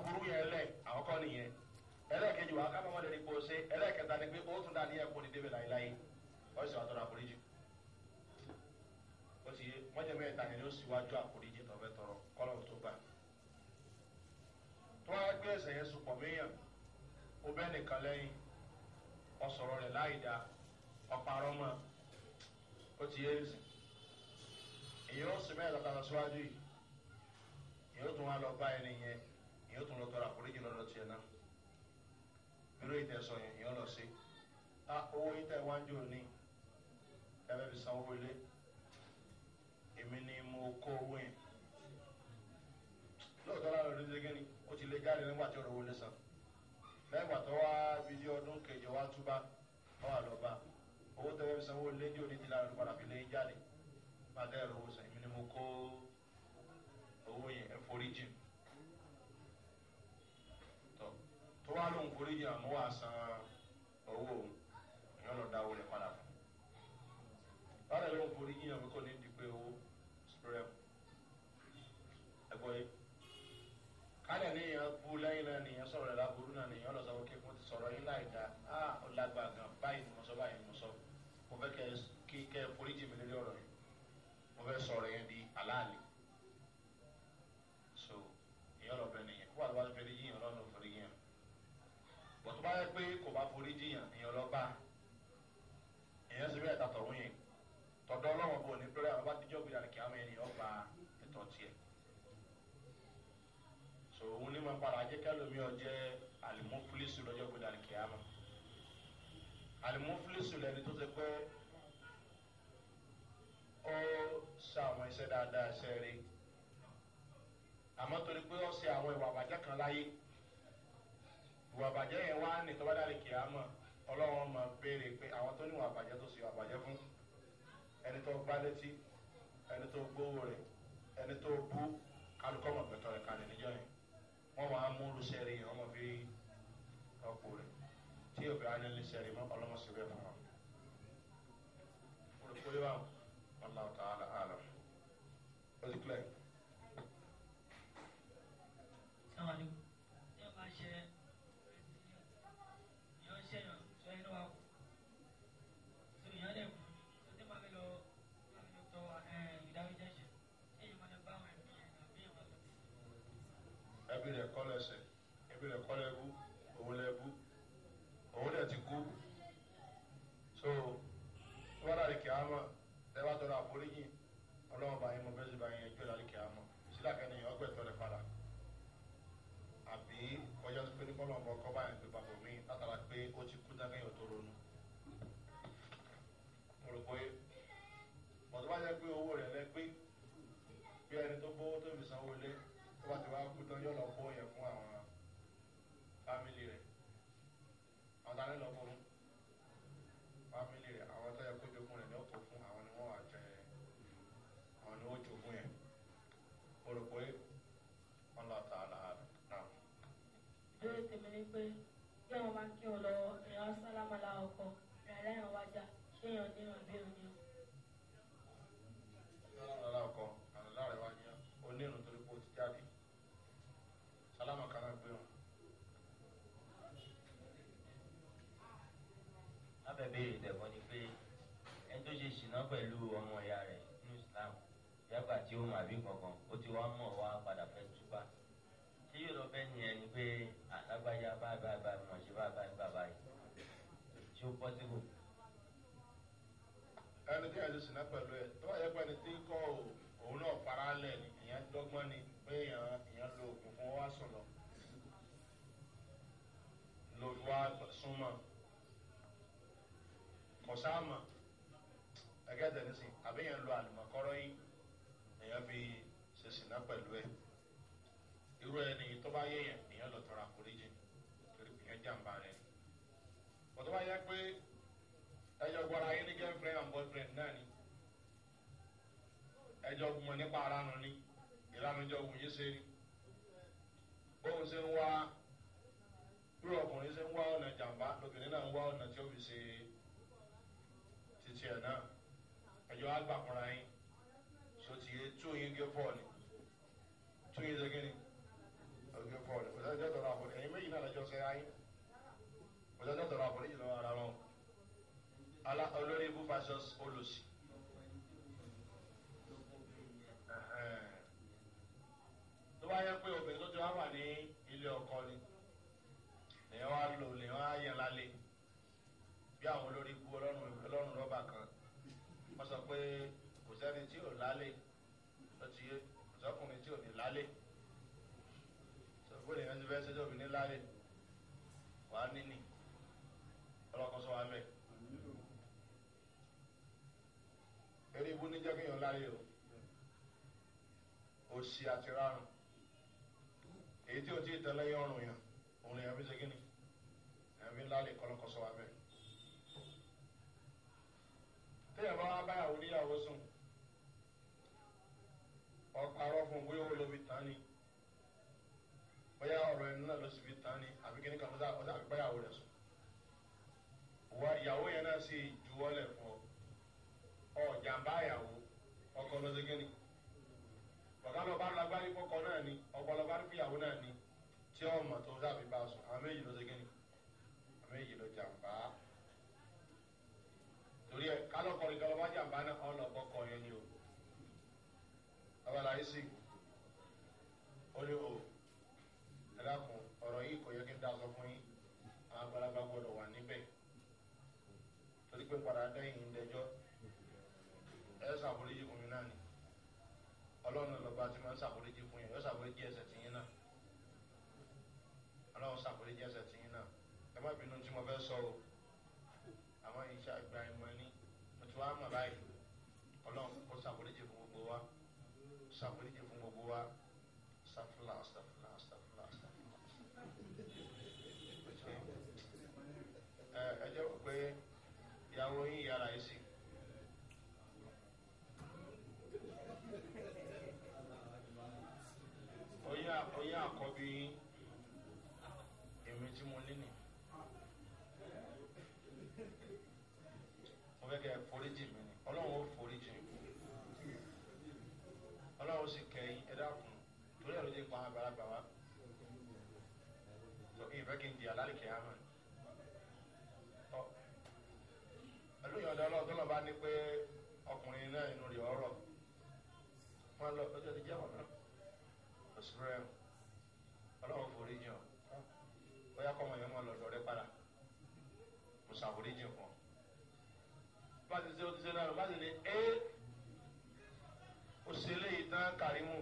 aburú yẹn lẹ̀ àkọ́kọ́ nìyẹn ẹlẹ́ẹ̀kejì wà á kábọ̀ mọ́tò nípa ọ̀sẹ̀ ẹlẹ́ẹ̀kẹta ni pé ó tún dà ní ẹ̀kọ́ ní débẹ̀ láéláé wọ́n sì wà tọ́ra àforíjì ó ti yé mọ́jọ mẹ́ta ni ó sì wájú àforíjì tọ́fẹ́ tọrọ kọ́lọ́ tó gbà tó wá gbé ẹsẹ̀ yẹn sùpọ̀ méyàn ó bẹ́ nìkan lẹ́yìn ọ̀sọ̀rọ̀ rẹ̀ láì dáa ọ̀parọ́ mọ́ ó ti yé ẹ̀sìn èyí ó sì mẹ́ta tàbí síwájú yìí èyí ó tún wá lọ bá ẹni yẹn yóò tún lọ tọrọ àforíjì lọ́dọ̀ tiẹ̀ náà irú ìtẹ̀sọ̀ yẹn yẹn lọ sí a owó ìtẹ̀ wájú òní ẹ̀fẹ́ fi sanwó ilé èmi ni mo kó owó yẹn lóòótọ́ lára rẹ̀ lóṣèlú gẹ́ni ó ti lé jáde nígbà tí ọ̀rọ̀ owó lé san lẹ́yìn ìgbà tó wá bíi ọdún kejì wá túbá wá lọ bá owó tẹ́wọ́ fi sanwó ilé ní òní ti lára rẹ̀ padà fi lé jáde bá tó wá lóun forí jìn àmú wà san owó òun èèyàn lọ dáwó rẹ padà fún bára lóun forí jìn àmú kò ní di pé owó rẹ ẹgbọ́n yìí kálẹ̀ ní èèyàn bú lẹ́yìn náà nìyẹn sọ̀rọ̀ rẹ̀ láburú náà nìyẹn lọ sọ pé mo ti sọ̀rọ̀ yín láì dáa á ó lágbàá gan báyìí ni mo sọ báyìí ni mo sọ mo fẹ́ kí kẹ́ forí jìn mi lórí ọ̀rọ̀ yìí mo fẹ́ sọ pé kò bá forí jiyàn èèyàn lọ bá èèyàn sì bẹ́ẹ̀ ta tọ̀hún yẹn tọ̀dọ̀ ọlọ́wọ́n bò ní pẹ́rẹ́ àwọn bá ti jọ́ gbìyànjú àwọn ènìyàn gba ẹ̀tọ́ tiẹ̀ so òun ní ma padà jẹ́ kẹ́lómi ọjẹ́ alimọ́fúlẹ́sù lọ́jọ́ gbìyànjú kí àwọn alimọ́fúlẹ́sù lẹ́ni tó ti pẹ́ ó sa àwọn iṣẹ́ dáadáa ṣẹ́ẹ́rẹ́ àmọ́ torí pé ó ṣe àwọn ìwà àbájá kan láyé ìwà àbàjẹ́ yẹn wá ní tọ́ba dàrí kì á mọ̀ ọlọ́run máa béèrè pé àwọn tó níwọ̀n àbàjẹ́ tó sì wà àbàjẹ́ fún ẹni tó gbá létí ẹni tó gbówó rẹ̀ ẹni tó bú kálukọ́ mọ̀ pẹ̀tọ́ rẹ̀ kalẹ̀ níjọ́ yẹn wọ́n máa mú olùsẹ̀rí yẹn wọ́n máa fi rọ́pò rẹ̀ tí òbí á ní olùsẹ̀rí mọ́ ọlọ́mọ̀sí bẹ́ẹ̀ fún wọn. olùkóyè wa wọn tààlà àlọ́ ó kílẹ̀. yọ lọ kó yẹ fún àwọn fámìlì rẹ̀ àwọn tani lọ kó fámìlì rẹ̀ àwọn tó yẹ kó jogún rẹ̀ lọ́kọ̀ fún àwọn ni wọ́n wà jẹ àwọn ni wọ́n jogún yẹn mo rò pé wọ́n lọ ta àlà náà. ìbéèrè tèmi ni pé bí àwọn bá kí wọn lọ ẹ̀rọ sálámàlà ọkọ̀ ìrànlẹ́yìn wájà ṣé èèyàn ní ìrànlẹ́. pé alágbájá báyìí báyìí báyìí mọ̀ ṣe báyìí báyìí báyìí báyìí ṣé ó pọ́sibú. ẹni tí a náà pẹ̀lú ẹ tó yẹ pé tí kò òun náà fara lẹ̀ ìyẹn dọ́gbọ́n ni pé èèyàn èèyàn lo oògùn fún wa sùn lọ lórí wa súnmọ́ kọ̀sáàmà ẹgẹ́ tẹ̀lẹ́sìn àbẹ́yẹn lo àlùmọ̀kọ́rọ́ yìí èèyàn fi ṣe sìn pẹ̀lú ẹ irú ẹni tó bá yéèyàn ẹjọ́ gun nípa aranu ni ìranujọ́ gun yìí ṣe ni bóun ṣe ń wá rírọ̀ ọkùnrin ṣe ń wá ọ̀nà jàǹbá lóbìnrin náà ń wá ọ̀nà tí ó fi ṣe títí ẹ̀ náà ẹjọ́ àgbàkúnra yín so ti yé tún yín gé fọ́ọ̀lì tún yín ṣe ni ọ̀gẹ́ fọ́ọ̀lì kò sẹ́jọ́ tọrọ àforí ẹ̀yin méjì náà lọ́jọ́ sẹ́yà yín kò sẹ́jọ́ tọrọ àforí jùlọ ara wọn olórí bú fasọs bá yẹ pé obìnrin tó ti wá wà ní ilé ọkọ ni lèyìn wá lò lèyìn wá yàn lálẹ́ bí àwọn olórí ikú ọlọ́run ọlọ́run rọ́bà kan wọ́n sọ pé kò sẹ́ni tí ò lálẹ́ tó ti yé kò sọ́kùnrin tí ò ní lálẹ́ sọ̀rọ̀ lèyìn ti fẹ́ sẹ́jọ́ mi ní lálẹ́ wà á níní ọlọ́kọ̀ sọ wà mẹ́. eré ibú ní jẹ́ kéèyàn lálẹ́ o òsì àti rárùn èyí tí o ti tẹ̀lé yẹ ọrùn yẹn òun lè ẹbí segin ni ẹbí ńlá lè kọlọkọsọ wa bẹ́ẹ̀. téèyàn bá wá báyàwó níyàwó sùn ọ̀pọ̀ fún bóyá owó ló tán ni bóyá ọ̀rọ̀ ẹni náà ló sì fi tán ni àbí kí ni kan ọ̀dà àbí báyàwó rẹ̀ sùn. wà ìyàwó yẹn náà sì juwọ́lẹ̀ fún ọ ọ̀ jàǹbá ìyàwó ọkọ ló segin ni ọ̀gá lọ bá lágbárí fọkọ náà ni ọpọlọ bá fìyàwó náà ni tí ọmọ tó dàbí bá sùn àwọn méjì ló ṣe kí ni àwọn méjì ló jàǹbá torí ẹ kálọ̀kọ̀ nìkan lọ bá jàǹbá náà ọ̀ lọ bọ́kọ yẹn ni o abala yìí sì ó ní o ẹ ọ̀rọ̀ yìí kò yẹ kí n dá sọ fún yín àwọn gbọdọ̀ wà níbẹ̀ torí pé padà dẹ́yìn ìdẹjọ́ ẹ ṣàforíjì fún mi náà ni ọlọ́run ọba tí máa ń ṣàforíjì fún yín yóò ṣàforíjì ẹsẹ̀ tí yín náà ọlọ́run ṣàforíjì ẹsẹ̀ tí yín náà ẹ má bínú tí mo fẹ́ sọ o àmọ́ iṣẹ́ àgbà ìmọ̀ ni mo ti wá mọ̀ báyìí ọlọ́run kó ṣàforíjì fún gbogbo wa ṣàforíjì fún gbogbo wa ṣàfùlà ṣàfùlà ṣàfùlà ṣàfùlà. ẹ ẹ jẹ́ pé ìyàwó yín ìyá. wọn lọ ọjọ́ ti jẹ́ wọn náà oṣù rẹ ọlọ́run forí jìn ọ́ bóyá kọ́ ọmọ yẹn mọ́ lọ́dọ̀ rẹ padà mo ṣàforí jìn fún ọ. bá ti ṣe oṣiṣẹ́ náà lọ bá ti ní ẹ́ òṣèlè yìí tán kàrímù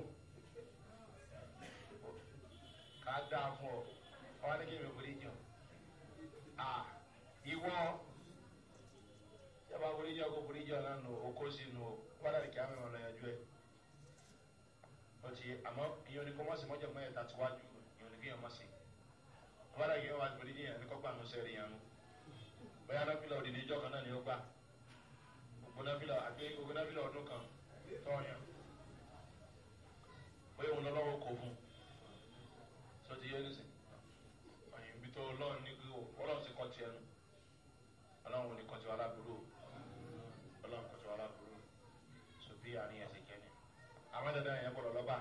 ká dáa fún ọ wọn ní kí mi forí jìn ọ́ ìwọ yàrá forí jìn kó forí jìn náà nù ó kó sí nù ó wọ́n dàbí kí á mẹ́wọ̀n lọ yanjú ẹ̀ ti àmọ́ ìyẹn ní kọ́mọ́sì mọ́jọ́ mọ́ ẹ̀ta ti wájú ìyẹn ní kí yẹn mọ́ sí. wọ́n yẹ wá gbọ́dọ̀ yẹn ní kọ́gbà nù sẹ́rì yẹn nù. bóyá náfìlà òdì ní ìjọ kan náà ni ó gbà. ògùn náfìlà àti ògùn náfìlà ọdún kan tọ́ọ̀yàn. bóyá òun lọ́wọ́ kò fún. sọ ti yẹ ní sìn. ọ̀yìn ibi tó ọlọ́run ní ọlọ́run ti kọ́ tiẹ̀ nù. ọlọ́run ò ní kọ́ tiwa láburú. ọlọ́run kọ́ tiwa láburú. sọ bí àníyàn àmọ́ dandan yẹn gbọ́dọ̀ lọ́ba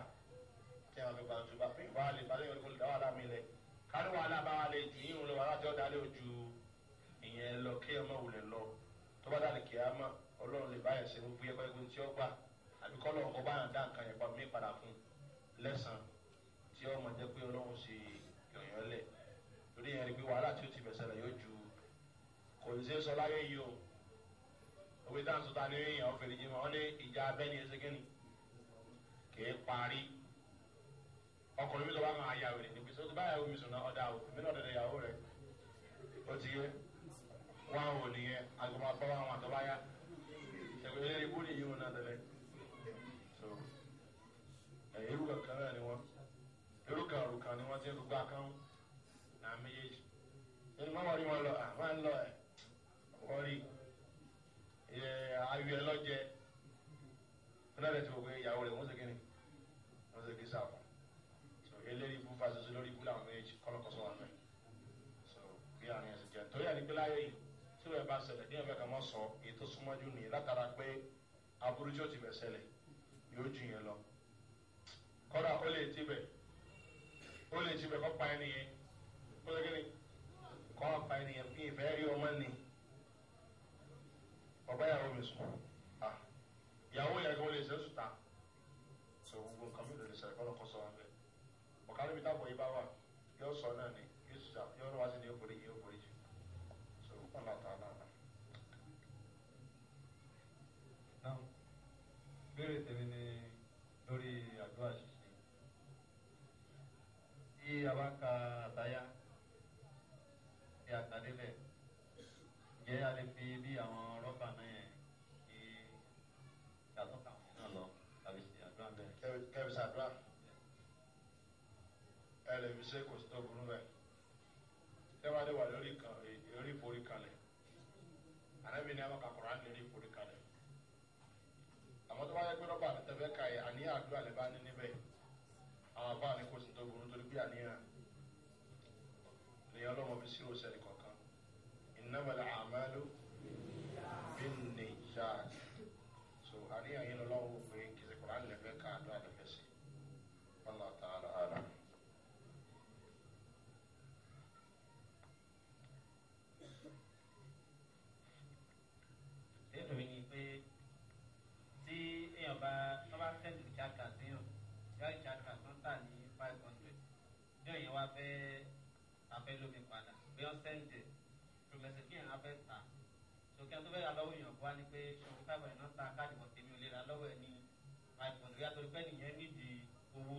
tí wọ́n fi gba ojú bá fi wà lè balẹ̀ yọrí kó lè dá wàhálà mi lẹ̀ kárí wàhálà bá wà lè jù yín lọ wàhálà tí ó dalẹ̀ ojú ìyẹn lọ kí ọmọ wulẹ̀ lọ tó bá dàlẹ̀ kí á mọ̀ ọlọ́run lè báyẹ̀ ṣe gbogbo ẹgbẹ́ ẹgbẹ́ tí ó gbà àbí kọ́lọ̀ ọkọ̀ bá yàn dá nǹkan yẹn pa mí padà fún lẹ́sàn tí ó mọ̀ jẹ́ pé ọlọ́run ṣe yọ̀yàn lẹ̀ lórí yẹn rí pé wàhálà tí ó ti bẹ̀sẹ̀ rẹ̀ yóò ju kò ní ṣe sọ láyé yìí o òwe dáhùn sọ ta ní èèyàn ọ̀fẹ́rẹ́ jẹ́ mọ́ ọ ní ìjà abẹ́ni ẹsẹ̀ kẹ́ni kì í parí ọkùnrin mi tó bá máa yàwó rẹ̀ níbi tó bá yàwó mi sùn náà ọ̀dà o mi náà dọ̀dọ̀ yàwó rẹ̀ ó ti yẹ wọn ò nìyẹn agbọmọ bọ́ àwọn àtọ́báyá ṣẹ̀gbẹ́ ilé ibú nìyí wọn náà tẹ̀lé so ẹ̀yẹ́rù kankan náà ni wọ́n ẹ̀rù kan ọ̀rù kan ni wọ́n ti ń gbà kán náà méjèèjì ẹni máa wọlé wọn lọ àmọ́ ń lọ ẹ̀ wọ́n rí ayọ̀ ẹ lọ́jẹ́ fúnadẹ̀ tí wọ́n gbé ìyàwó rẹ̀ wọ́n ṣe kí ni ló dé sáà fún so eléyìí ibú fásitì lórí ibú làwọn méjì kọlọkọsọ wà mẹ́rin so bí àrùn yẹn ti jẹ torí àdìgbé láyé yìí tí wọ́n bá ṣẹlẹ̀ ní ẹ̀fẹ̀ kan mọ́ sọ èyí tó súnmọ́jú nìyí látara pé aburú tí ó ti bẹ̀ ṣẹlẹ̀ yóò ju yẹn lọ kọ́dà ó lè tibẹ̀ ó lè tibẹ̀ kọ́ pa ẹni yẹn ó lè kíni kọ́ pa ẹni yẹn bí ìfẹ́ rí ọmọ ni ọ̀gbá ìyàwó mi sùn ah, ìyàwó yẹn kí wọ́n lè ṣe sùn tán gbogbo nǹkan mi ló lè sọ̀rọ̀ kọ́lọ́ kó sọ wọn bẹ́ẹ̀ ọ̀kadà mi dábọ̀ yìí bá wà sọ náà ni yóò sọ yóò wá sí ní ògbóni yìí ògbóni jù so ọ̀là tà náà nà. náà béèrè tèmi ni lórí àdúrà ṣíṣe tí a bá ń ka àtayá ní fi. bá dé wà lórí kan lórí ìforí kalẹ̀ ànábì ní àwọn kakọ̀rọ̀ àti lórí ìforí kalẹ̀ àwọn tó bá yẹ pé rọ́bà àti tẹ́fẹ́ ka yẹ àníyàn àdúrà lè bá ní níbẹ̀ àwọn àbá ní kò sí tó burú torí bí àníyàn lèyàn lọ́mọ fi sírò sẹ́ni kọ̀ọ̀kan ìnáwó àmàlú. fẹ́ lómi padà bí wọ́n sẹ́ǹdì progressive ní ẹ̀rọ abẹ́ ta sókè tó fẹ́ alọ́wọ́ èèyàn bó wá ní pé ṣòwò five hundred náà ta káàdì wọ̀ tèmi ò lè ra lọ́wọ́ ẹ̀ ní five hundred yàtọ̀ pé nìyẹn nídìí owó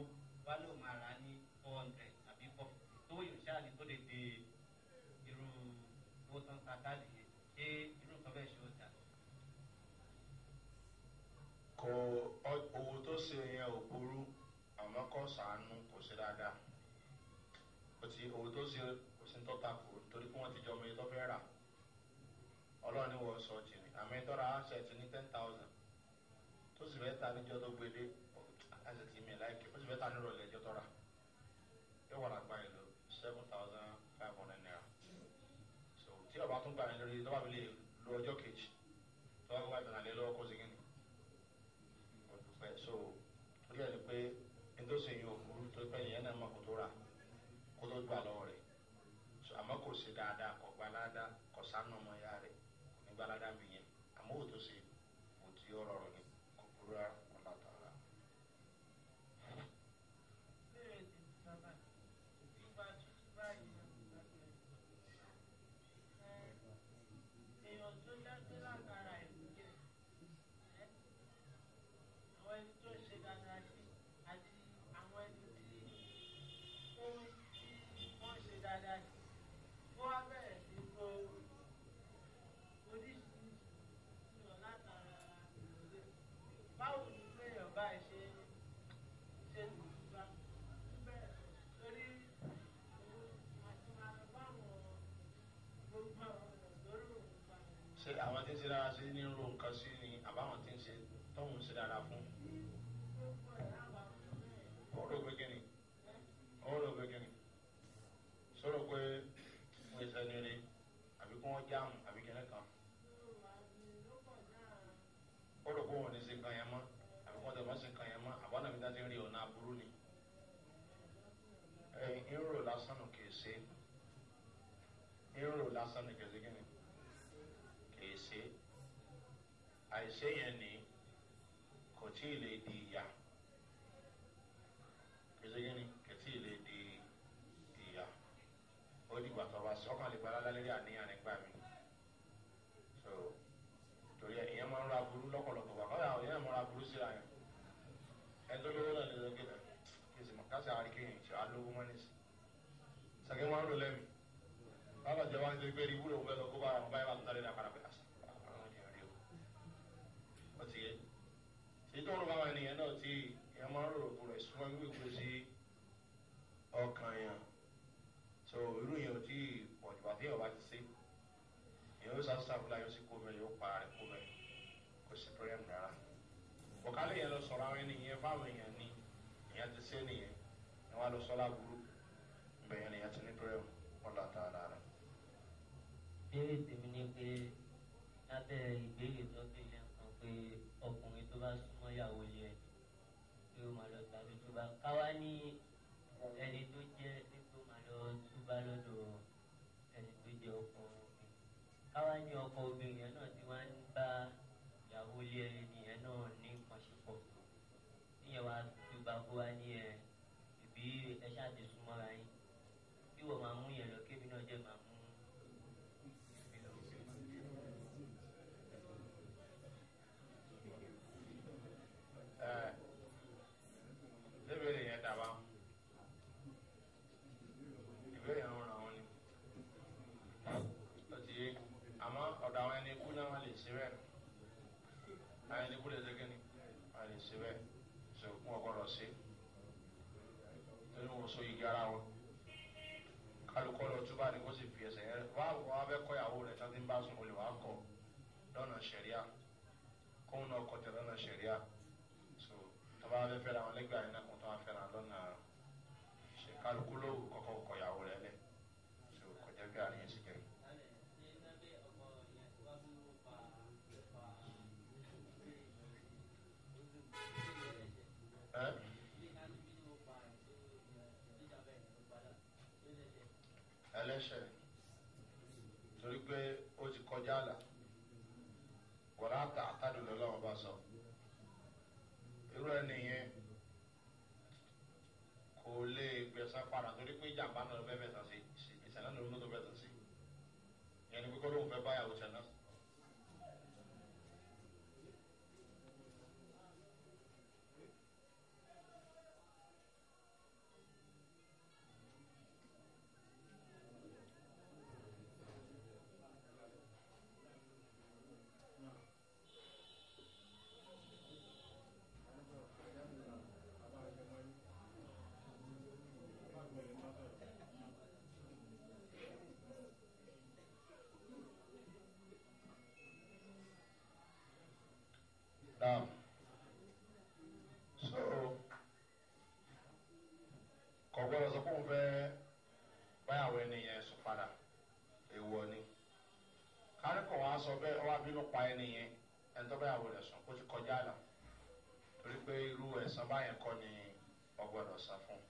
wá ló máa rà ní four hundred àbí four fifty tó wòye ṣáàlì tó lè de irú owó tó ń ta káàdì yẹn ṣé irú nǹkan bẹ́ẹ̀ ṣe ó dà. kò owó tó ṣe yẹn ò burú àmọ́ kò sàánú sí owó tó sí kò sí tó takò torí pé wọ́n ti jọ ọmọ yìí tó fẹ́ rà ọlọ́ọ̀ni wọ̀ sọ jìnnì àmì tọ́ra asset ní ten thousand tó sì fẹ́ ta níjọ́ tó gbélé asset mi láìkí ó sì fẹ́ ta nírọ̀lẹ́ ẹjọ́ tọ́ra yóò wà lágbá yìí lọ seven thousand five hundred naira so tí ọba tún gbà yín lórí tó bá fi lè lo ọjọ́ kejì tó bá fi wá ìdánilẹ́ lọ́wọ́ kó segin ni so torí ẹ̀ ni pé nítòsí yín yẹn gbà lọ́wọ́ rẹ̀ àmọ́ kò ṣe dáadáa kò gba ládàá kò sánú ọmọ ya rẹ̀ kò ní gba ládàá mi yẹn àmọ́ òtún ṣe òtún yọ ọ̀rọ̀ rẹ̀ ṣe rírò lásán ní kẹsíkìnì kìí ṣe àìṣe yẹn ni kò tí ì lè di ìyá kẹsíkìnì kò tí ì lè di ìyá ó dìgbà tó bá sọ́kàn lè gbára lálẹ́ àníyàn nígbà mi so torí ẹ ìyẹn máa ń ra burú lọ́pọ̀lọpọ̀ bàbá ìyẹn máa ń ra burú síra yẹn ẹjọ́ lówó náà lè lọ gé náà kí n sì mọ̀ ká àárí kí sàkè wọn lò lẹnu bàbá jọba ń tẹ́lẹ̀ pé ibú rẹ̀ wọ́n fẹ́ lọ kó bá àwọn báyìí wà tó dáre dàpara pé àṣà àwọn ènìyàn rí o wọ́n ti yẹ ṣètò ọ̀rọ̀ báwọn ènìyàn náà ti ẹ̀ máa ń rò rò rẹ̀ súnmọ́ ń gbèkú sí ọkàn eh. ¿eh? yẹn oh, so irú yẹn ò tí pọ̀jù àti ọ̀bá ti ṣe èèyàn ó sáré sáré láyọ̀ sí kóbẹ̀ yóò pa rẹ̀ kóbẹ̀ kò sí pẹ́rẹ́mù rárá bọ̀kálẹ̀ yẹn lọ sọ̀rọ̀ àwọn ènìyàn fáwọn èèyàn ní èèyàn ti ni wọ́n á lọ sọ́lá burú gbẹ̀yìn àti nítorí ọ̀la tààrà rẹ̀. ìbéèrè tèmi ni pé lábẹ́ ìbéèrè tó béèrè kan pé ọkùnrin tó bá súnmọ́ ìyàwó ilé ẹ̀ pé ó máa lọ tàbí tó bá káwá ní ẹni tó jẹ́ tó máa lọ túbá lọ́dọ̀ ẹni tó jẹ́ ọkọ obìnrin káwá ní ọkọ obìnrin yẹn náà ti wá ń bá ìyàwó ilé ẹni yẹn náà ní nǹkan ṣe pọ̀ níyẹn wá túbá kó wá ní ẹ ìbí ẹ ṣáà ti gbọ́ máa mú yẹn lọ kébì náà jẹ́ máa mú mi lọ. ìbéèrè yẹn dàbà ìbéèrè yẹn ràn wọ́n ni ó ti yé àmọ́ ọ̀dọ̀ àwọn ẹni ikú náà wọ́n lè ṣe bẹ́ẹ̀ àwọn ẹni ikú lè ṣe kíni wọ́n lè ṣe bẹ́ẹ̀ ṣe òkú ọgbọ́dọ̀ ṣe nínú oṣù igi ara wọn. lọ́nà sẹ̀ríà kóun náà kọ̀tẹ̀ lọ́nà sẹ̀ríà so tó bá fẹ́ fẹ́ra wọn lẹ́gbẹ̀ẹ́ àyìn náà kó tó bá fẹ́ra lọ́nà ṣe kálukú ló kọ́kọ́ kọ̀yàwó rẹ̀ lẹ̀ so kọjá bí àárín yẹn sì jẹ́. ẹlẹ́ṣẹ̀ torí pé ó ti kọjá àlà ta àtàdùn lọ́wọ́ bá sọ irú ẹni yẹn kò lè gbẹ̀sán padà torí pé ìjàmbá náà ló fẹ́ bẹ̀sán sí ìṣẹ̀lẹ̀ náà ló ń tó bẹ̀sán sí ìyẹn ni pé kó lóun fẹ́ báyàwó ṣẹlẹ̀ sọ bẹ́ẹ̀ wọ́n á bínú pa ẹni yẹn ẹni tó bẹ́ẹ̀ àwòrán sùn kó ti kọjá la torí pé irú ẹ̀sán báyẹn kọ́ ni ọgbọ́dọ̀ sá fún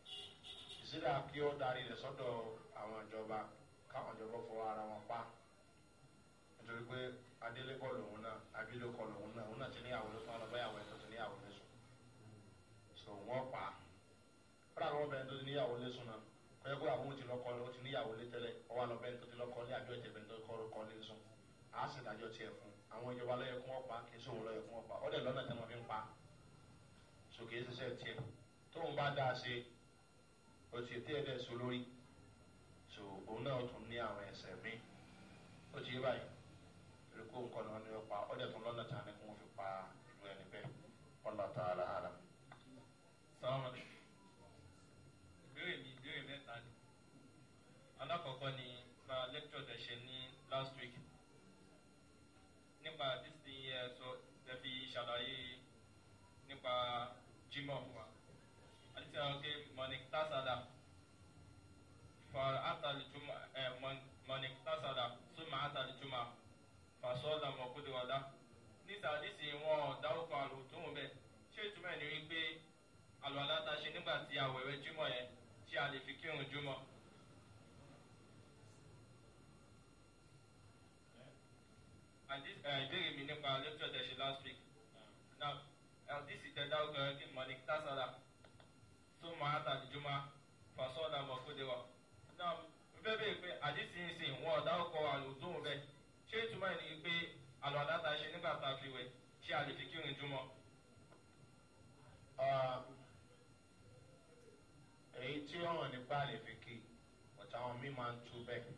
ìsílẹ̀ kí ó darí rẹ̀ sọ́dọ̀ àwọn ìjọba káwọn ìjọba fọwọ́ ara wọn pa nítorí pé adélẹ́kọ̀ lòun náà abílẹ́kọ̀ lòun náà òun náà ti ní àwòrán fún ọlọ́bẹ̀yàwó ẹ̀ tó ti ní àwòrán sùn so wọ́n pa á fúnra àwọn tó ti níyàwó lé sùn náà kọ́yẹ́ kó àwọn ohun ti lọ́kọ́ ó ti níyàwó lé tẹ́lẹ̀ ọwọ́ àlọ́bẹ̀ tó ti lọ́kọ́ ní àbí ọ̀tẹ̀bẹ̀ tó kọ́ lé sùn a ṣèdájọ́ tiẹ̀ fún àwọn ìjọba lọ́yẹ kún ọ̀pá kì í sòwò lọ́yẹ kún ọ̀pá ọ̀dẹ̀ lọ́nà tí fi ń pa sòkè é ṣiṣẹ́ tiẹ̀ tóun bá dáa ṣe o ti tẹ́ ẹ̀ dẹ̀ so lórí so òun náà tún ní àwọn ẹsẹ̀ mi ó ti yé báyìí torí kó nǹkan náà ní ọ̀pá ọ̀dẹ̀ tún lọ́nà tí fi pa ìlú ẹni bẹ́ẹ̀ ọ̀là tààlà àlà. sàmúlẹ̀. Jimokwa. Alitawake Moniktasada. فأتى الجمعة من اقتصد سمعة الجمعة فصلى وقدر له nísàdísì wọn dárúkọ àlùtún bẹ ṣé ìtumọ̀ ni wípé àlùwàlá ta ṣe nígbà tí àwẹ̀wẹ̀ júmọ̀ yẹn tí a lè fi kírun júmọ̀. Eh, ìbéèrè mi nípa lẹ́tọ̀ tẹ̀sí last week. الذي استدعوا كرك من اقتصر ثم أتى الجمعة فصلى وقدر نعم fẹ́ bẹ́ẹ̀ pé àdísìnsìn wọn ọ̀dà ọkọ̀ àlòdùn rẹ̀ ṣé ìtumọ̀ ẹ̀ ní pé àlọ́ àdáta ṣe nígbà tá a fi wẹ̀ ṣé a lè fi kírun jùmọ̀. Ah, èyí tí ọ̀hún nípa lè fi kí ọ̀tá àwọn míì máa ń tú bẹ́ẹ̀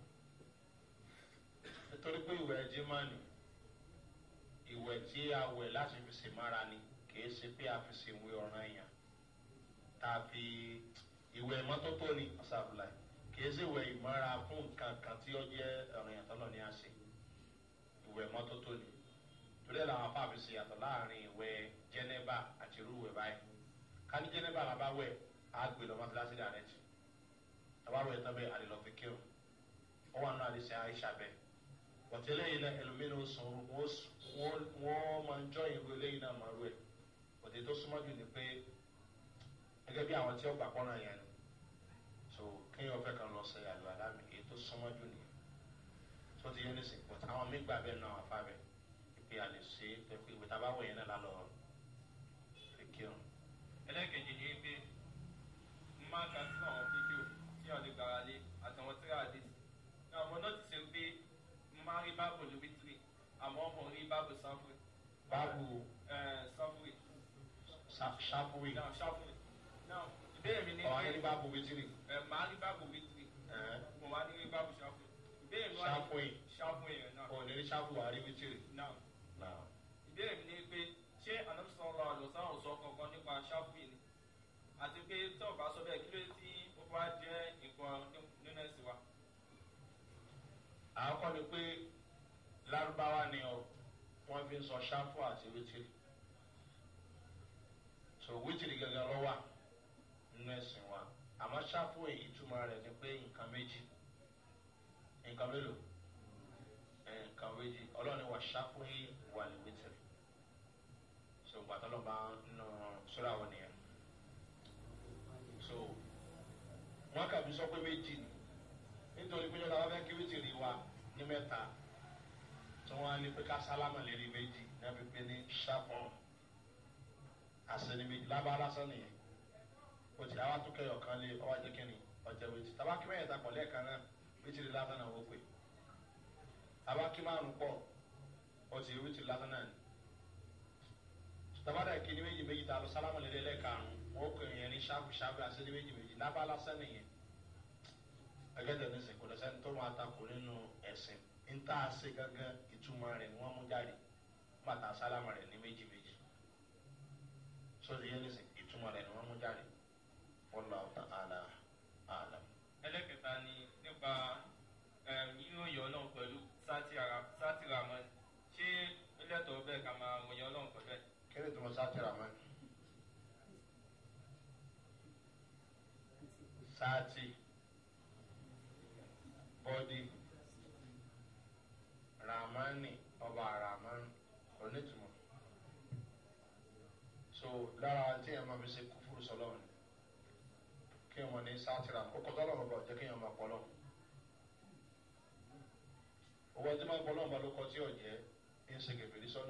nítorí pé ìwẹ̀ ẹ̀jẹ̀ máa nù ìwẹ̀ tí a wẹ̀ láti fi ṣèmára ni kìí ṣe pé a fi ṣèwé ọ̀ràn èèyàn tá a fi ìwé ìmọ́tótó ni ọ̀sàbùlà kìí ṣe ìwé ìmọ̀ra fún nǹkan kan tí ó jẹ́ ọ̀ràn èèyàn tọ́lọ̀ ní a ṣe ìwé ìmọ́tótó ni torí ẹ̀ làwọn afáàfin ṣe yàtọ̀ láàrin ìwé jẹ́nẹ́bà àti irú ìwé báyìí ká ní jẹ́nẹ́bà làbá wẹ̀ á gbé lọ́mọ kíláàsì dàrẹ́tì tàbá wẹ̀ tán bẹ́ẹ̀ àlelọ́ fi kírun ó wà náà àdìsẹ́ àìsà bẹ́ẹ̀ wọ̀tẹ́lẹ́yìn náà ẹlòmínú sùn wọ́n máa ń jọ́ ìwé lẹ́yìn náà máa ẹ̀ èyí tó súnmọ́ jù ni pé gẹ́gẹ́ bí àwọn tí ó gbà pọ́nà yẹn so kéèyàn fẹ́ kan lọ ṣe àlọ́ àdámi èyí tó súnmọ́ ni nìyẹn tó ti yẹn nísìn but àwọn mí gbà bẹ́ẹ̀ náà afá bẹ́ẹ̀ ìpè àlè ṣe é pé ìwé tá a bá wọ̀ yẹn náà lálọ́ fi kírun. ẹlẹ́kẹ̀jì ni pé máa ka sí àwọn fídíò tí àwọn lè gbára lé àtàwọn tíra àdéhùn náà náà ti ṣe pé máa rí não ṣàpòwe. não bem menino ìbéèrè mi ni. ọ̀hún ní báàbò wítìrì. ẹ màá ní báàbò wítìrì. mo máa ní báàbò ṣàpòwe. ìbéèrè mi wá não ṣàpòwe ṣàpòwe yẹn náà. ọ̀hún não não àrí wítìrì. náà náà. ìbéèrè não ni pé não anamsan ra àlọ́sán ò sọ kankan nípa ṣàpòwe ni àti pé tó o bá sọ bẹ́ẹ̀ kí ló ti ó bá jẹ́ nǹkan nínú ẹ̀sìn wa. àkọ́ni pé lárúbáwá ni ọ wọ́n fi ń sọ ṣáfù àti wítìrì so wítìrì gẹ́gẹ́ lọ́wà nínú ẹ̀sìn wa àmọ́ ṣáfù èyí túmọ̀ rẹ̀ ni pé nǹkan méjì nǹkan mélòó nǹkan méjì ọlọ́ni wà ṣáfù èyí wà ní wítìrì so gbàtọ́lọ́ba nínú sọ́ra wọn nìyẹn so wọn kàbí sọ pé méjì ni nítorí pé yọ̀dá wọn fẹ́ kí wítìrì wa ní mẹ́ta tí wọ́n á lé pé ká sálámà lérí méjì ní abẹ́pẹ́ ní ṣáfù ọ̀hún àṣẹnimi laba lásán nìyẹn o ti àwọn atukẹ ọkan lé ọwọ ajẹ kínní ọjẹ wetí tàbá kí mẹyẹta pọ lẹẹkan náà wítìrì lásán náà ó pè tàbá kí márùn pọ ọtí wítìrì lásán náà ni tàbá dà kí ni méjì méjì tàbí sálámù lé lẹẹkarùn wọn kò yẹn ní ṣáàbù ṣáàbù àṣẹni méjì méjì lábá lásán nìyẹn ẹgẹdẹ ní sìn kò lọ sẹni tó máa takò nínú ẹsìn níta ṣe gángan ìtumọ rẹ ni wọn mú jáde bàtà sálámù rẹ ní méjì méjì sóde yẹn nísìn ìtumọ̀ rẹ̀ ni wọ́n mú jáde wọ́lá ọ̀tá àlà àlà. ẹlẹ́kẹta ni nípa yíyan yọ náà pẹ̀lú sátìràmọ́ ṣé lẹ́tọ̀ọ́ bẹ́ẹ̀ ká máa ròyìn ọlọ́run pẹ̀lú ẹ̀. kí ni ìtumọ̀ sátìràmọ́? sátì bọ́dì ràmánì ọba ràmánì. lára tí èèyàn máa fi ṣe kúfúrú sọlọ́run kí wọ́n ní sátìrà ó kọjá lọ́wọ́ bá jẹ́ kí èèyàn máa pọ̀ lọ́wọ́ owó ẹjọ́ máa pọ̀ lọ́wọ́ bá ló kọ tí ọ̀jẹ́ ń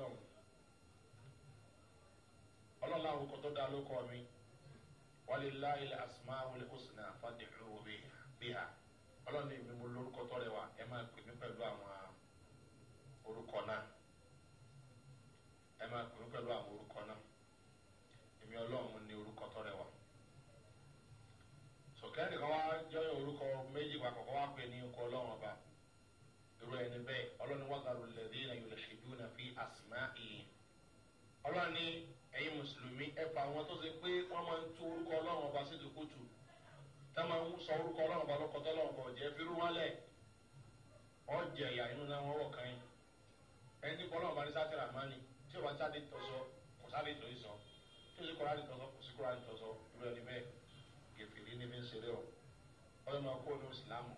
wa èmi ọlọ́run ní orúkọ tó rẹwà sọ̀kẹ́ni kan wá jọyọ̀ orúkọ méjì wa kọ̀kọ́ wá pè ní orúkọ ọlọ́run ọba irú ẹni bẹ́ẹ̀ ọlọ́ni wàgàrú lẹ́dínà yóò lè ṣèjú na fi àsìmá ìyìn ọlọ́ni ẹ̀yin mùsùlùmí ẹ pa àwọn tó ṣe pé wọ́n máa ń tú orúkọ ọlọ́run ọba sí ìdókòtù tá máa ń sọ orúkọ ọlọ́run ọba lọ́kọ tọ́lọ́run kọ̀ jẹ́ fi rú wálẹ̀ ọ̀jẹ̀ ìyá inú náà wọ́n wọ̀ kan yín ẹni bọ́lọ́run ọba ní sátìrà mánì tí ọba sáré tọ̀ sọ kò sáré tọ̀ yìí sọ kí ló kọ́ra nìkan sọ kò sí kọ́ra nìkan sọ irú ẹni bẹ́ẹ̀ gèfèrí ní fi ń ṣeré o ọ̀rẹ́ máa kó lórí ìsìlámù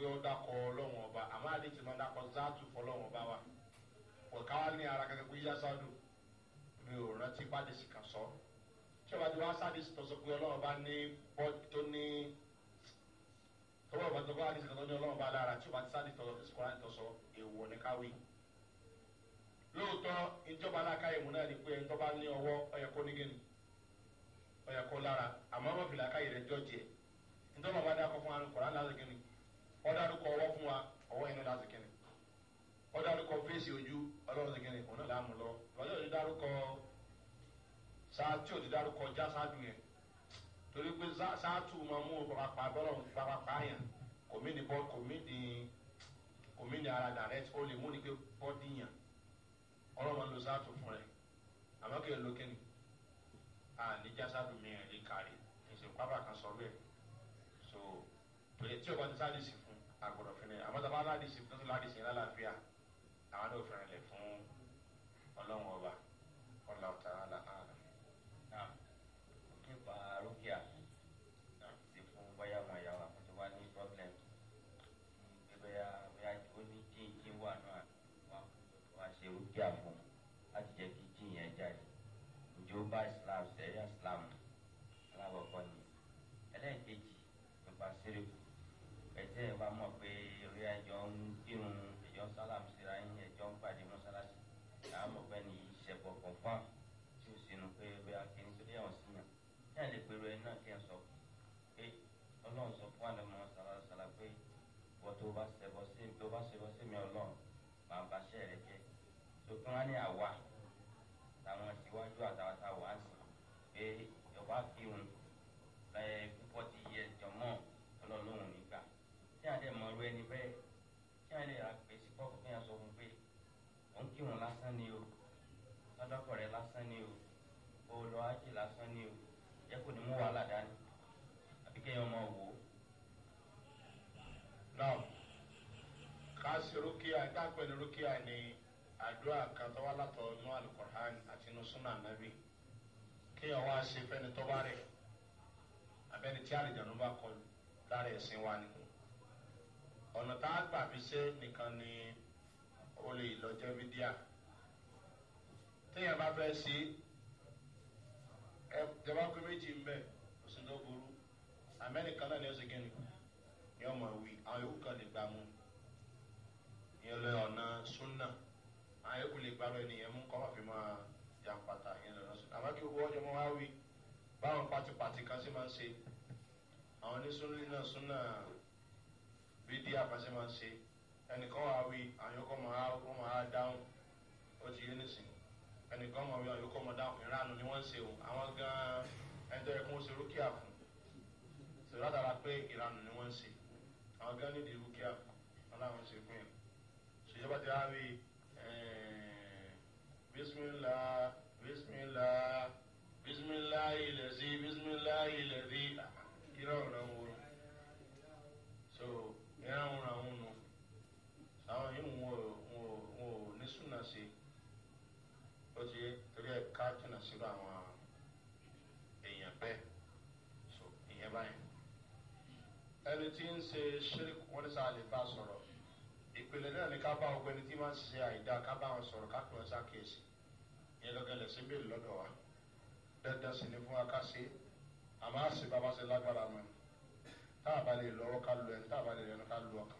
pé ó ọlọ́wọ̀n ọba àmọ́ àdéjì máa dákọ̀ záàtù fọlọ́wọ̀n ọba wa ọ̀ká wa ní ara Sadu. pé yásádù mi ò rántí kan sọ tí ọba tí wàá sádìsì tó sọ pé ọlọ́wọ̀n ọba ní bọ́ọ̀dì tó ní tọ́wọ́ ọba tó bá ní ọlọ́wọ̀n sọ kọ́ra èèwọ̀ ní káwé lóòótọ́ ìjọba náà ni pé ẹni tó bá ní ọwọ́ ọ̀dàdúkọ ọwọ́ fún wa ọwọ́ yẹn náà láti kẹ́ni ọ̀dàdúkọ fèsì ojú ọlọ́run ti kẹ́ni òun náà láàmú lọ lọ́jọ́ ti dárúkọ sáàtì òdi dárúkọ já sáàtù yẹn torí pé sáàtù máa mú papapa bọ́lọ̀ papapa yẹn kò mí ni bọ́ ara direct ó lè mú ni pé bọ́dì yẹn ọlọ́run máa lo sáàtù fún rẹ àmọ́ kì í lo kẹ́ni àníjà sáàtù mi ẹ̀ lè kárí ìsìnkú àbàkan sọ bẹ́ẹ̀ so tí o bá ti sáàdì sí agbọdọ fẹnẹ àmọtaba aládìsí tó ládìsí yẹn lálàáfíà àwọn náà fẹrẹ lẹ fún ọlọrun ọba ọlọta aláàlá náà nípa rúkìá ti fún bóyá ọmọ ìyàwó àkótó wa ní problem ní bóyá bóyá ó ní jíjìn wà náà wá ṣe rúkìá fún láti jẹ kí jíjìn yẹn jáde ǹjẹ́ ó bá islam sẹ́yà islam alábọ̀kọ́ ni ẹlẹ́ẹ̀kejì nípa síríkù tẹ́ ẹ bá mọ̀ pé orí ẹjọ́ ń kírun ẹjọ́ sálàmù síra yín ẹjọ́ ń pàdé mọ́sálásí àá mọ̀ pé ní ìṣẹ̀bọ̀ kọ̀ọ̀fán tí ó sinú pé bóyá kí ní sórí ẹ̀wọ̀n síyàn kí ẹ̀ lè pèrò ẹ̀ náà kí ẹ̀ sọ pé ọlọ́run sọ fún àlẹ́ mọ́ sàlásàlá pé wọ́n tó bá ṣẹbọ sí tó bá ṣẹbọ sí mi ọlọ́run máa bá ṣẹ́ rẹ jẹ́ sókún á ní àwa táwọn síwájú àtàwátà wà á sì pé ìjọba k kírun lásán ni o lọ́dọ́kọ̀ lasani o o lọ lásán o yẹ kò ní mú àbí wò ó. náà ká ni àdúrà kan látọ̀ nú alukur'an àti nú súnà nàbì kéèyàn wá ṣe fẹ́ni rẹ̀ abẹ́ni tí bá kọ lára ẹ̀sìn wa a gbà fi ṣe nìkan ni. Kani, kó lè lọ jẹ́ mídíà téèyàn bá fẹ́ ṣe ẹ jọba pé méjì ń tó burú náà ni ó ni ọmọ ìwì àwọn yòókù kan lè gbà mú ìyẹn lọ ọ̀nà súnà àwọn yòókù lè gbà rẹ nìyẹn mú kọ́ fi máa jà pàtà ìyẹn lọ́nà súnà àmọ́ kí gbogbo ọjọ́ mọ́ wá wí báwọn pátipàti kan máa ẹnìkan wà wí àyànkọ́ máa kọ́ máa dáhùn ó ti yé nìsín ẹnìkan máa wí àyànkọ́ máa dáhùn ìranu ni wọ́n ń ṣe o àwọn gan-an ẹni tó yẹ kó ń ṣe rúkìá fún ṣèlú àtàrà pé ìranu ni wọ́n ń ṣe àwọn gan-an nídìí rúkìá wọn láwọn ṣe fún yẹn ṣèjọba ti wá wí bísímìlá bísímìlá bísímìlá ilẹ̀ sí bísímìlá ilẹ̀ rí ìrọ̀rùn àwọn so ìrọ̀rùn àwọn nù yìí wọn ò wọn ò ní súnà sí ó ti torí ẹ ká jìnnà sílò àwọn èèyàn bẹ́ẹ̀ so ìyẹn báyìí ẹni tí ń ṣe ṣíríkù wọn ní sáà lè bá sọ̀rọ̀ ìpìlẹ̀ náà ni ká bá ọgbẹ́ ni tí máa ń ṣe àìdá ká bá wọn sọ̀rọ̀ ká pè wọn sákèésì ìyẹn lọ́gẹ́lẹ̀ sí bẹ́ẹ̀ lọ́dọ̀ wa dandan sì ni fún wa ká ṣe àmọ́ àṣìbá bá ṣe lágbára mọ́ tá a bá lè lọ́wọ́ ká lu ẹni tá a bá lè lẹ́nu ká lu ọkàn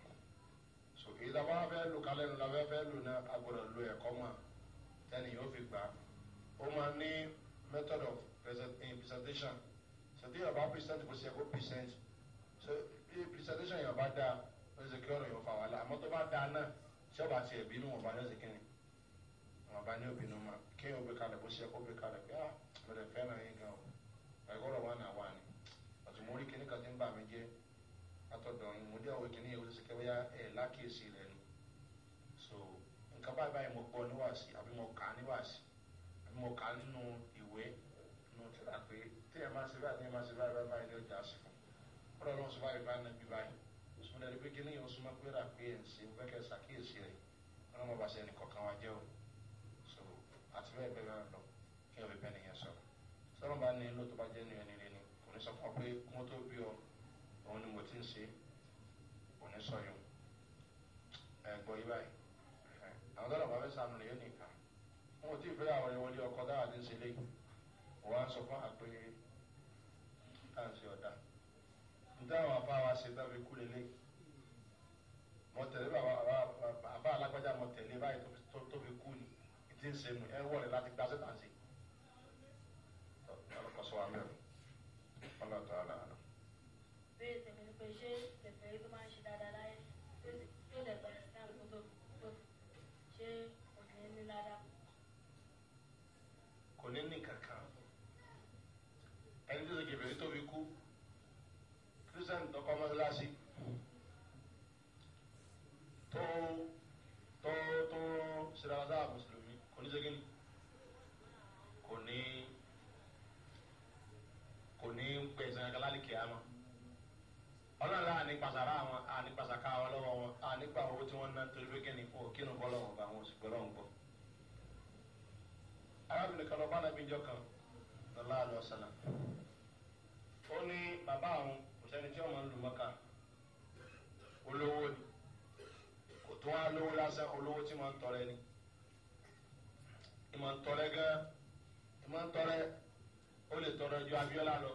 èyí tá a bá fẹ́ lò kálẹ̀ nù làwọn fẹ́ lò náà a gbọ́dọ̀ ẹ̀kọ́ mọ̀ tẹ́ni yóò fi gbà ó máa ní method of eh, presentation so tí yàrá bá present kò sí ẹ̀kọ́ present so bí presentation yàrá bá dáa ó ṣe kí ọ̀rọ̀ yóò fa wàhálà àmọ́ tó bá dáa náà tí ọba ti ẹ̀bínú wọn bá ní ọ̀sẹ̀ kínní wọn bá ní òbínú ma kí ó gbé kalẹ̀ bó ṣe ẹ̀kọ́ gbé kalẹ̀ pé ah mo lè fẹ́ràn yín gan o ẹ̀kọ́ rọ̀ wá náà wà ní ọ̀tún mo rí kíní kan tí ń bà mí jẹ́ látọ̀dọ̀ yín mo dé àwọn kìnìún yẹn ó sì kẹ́wéyà ẹ̀ lákèsí rẹ̀ ni so nǹkan báyìí báyìí mo gbọ́ níwàásí àbí mo kà á níwàásí àbí mo kà á nínú ìwé nínú tíra pé téèyàn máa ṣe báyìí téèyàn máa ṣe báyìí báyìí báyìí ni ó jà sí fún un ó lọ́ọ́ sọ báyìí báyìí náà bí báyìí òṣùwọ̀n ẹ̀rí pé kìnìún yẹn ó súnmọ́ pé rà pé ẹ̀ ń ṣe fẹ́kẹ́ ṣàkíyèsí rẹ̀ ọlọ́mọ bá ṣe ẹnì kọ̀ọ̀kan wa jẹ́ o so àti bẹ́ẹ̀ bẹ́ẹ̀ bẹ́ẹ̀ lọ kí ọ̀bẹ bẹ́ẹ̀ nìyẹn sọ̀rọ̀ sọ́run bá ní lóòótọ́ bá jẹ́ nìyẹn ni kò ní sọ fún ọ pé kí wọ́n tó bí ọ òun ni mo ti ń ṣe òní sọyún ẹgbọ yìí báyìí àwọn tó lọ́wọ́ fẹ́ sàmì rèé nìkan wọn ò tí ì fẹ́ àwọn ìwọlé ọkọ dáhà ti ń ṣe léyìí wọ́n á sọ fún àpé tá à ń ṣe ọ̀dà níta àwọn afá wa ṣe dábì kú lélẹ̀ mọ tẹ̀lé bàbá alágbájá mọ tẹ̀lé báyìí tó fi kú ni ìdí ń ṣe nù ẹ wọ̀ rẹ̀ láti gbá sẹ́tà ń ọlọ́kọ̀ sọ wa mẹ́rin ọlọ́tọ̀ àlà ṣe kẹfẹ́ tó máa ń ṣe dáadáa láyé tó lè gba islam kó tó tó ṣe obìnrin ní ládàá. kò ní ní kankan ẹni tó ṣe kẹfẹ́ tó fi kú kristian tọkọ mọ́ṣáláṣí tó tó tó ṣèlérasá mùsùlùmí kò ní ṣe kí ni kò ànípasàrà àwọn ànípasàkà wọn lọ́wọ́ wọn ànípa owó tí wọ́n ná torí pé kí ni kò kínú bọ́ lọ́wọ́ bá wọn ṣùgbọ́n lọ́wọ́ gbọ́. arábìnrin kan lọ́ba náà bí jọ kan lọ́la àlọ́ sànà. ó ní bàbá àwọn kò sẹ́ni tí wọ́n máa ń lù mọ́ka olówó ni kò tó wá lówó lásán olówó tí máa ń tọrẹ ni ìmọ̀ ń tọrẹ gan ìmọ̀ ń tọrẹ ó lè tọrọ ju abiola lọ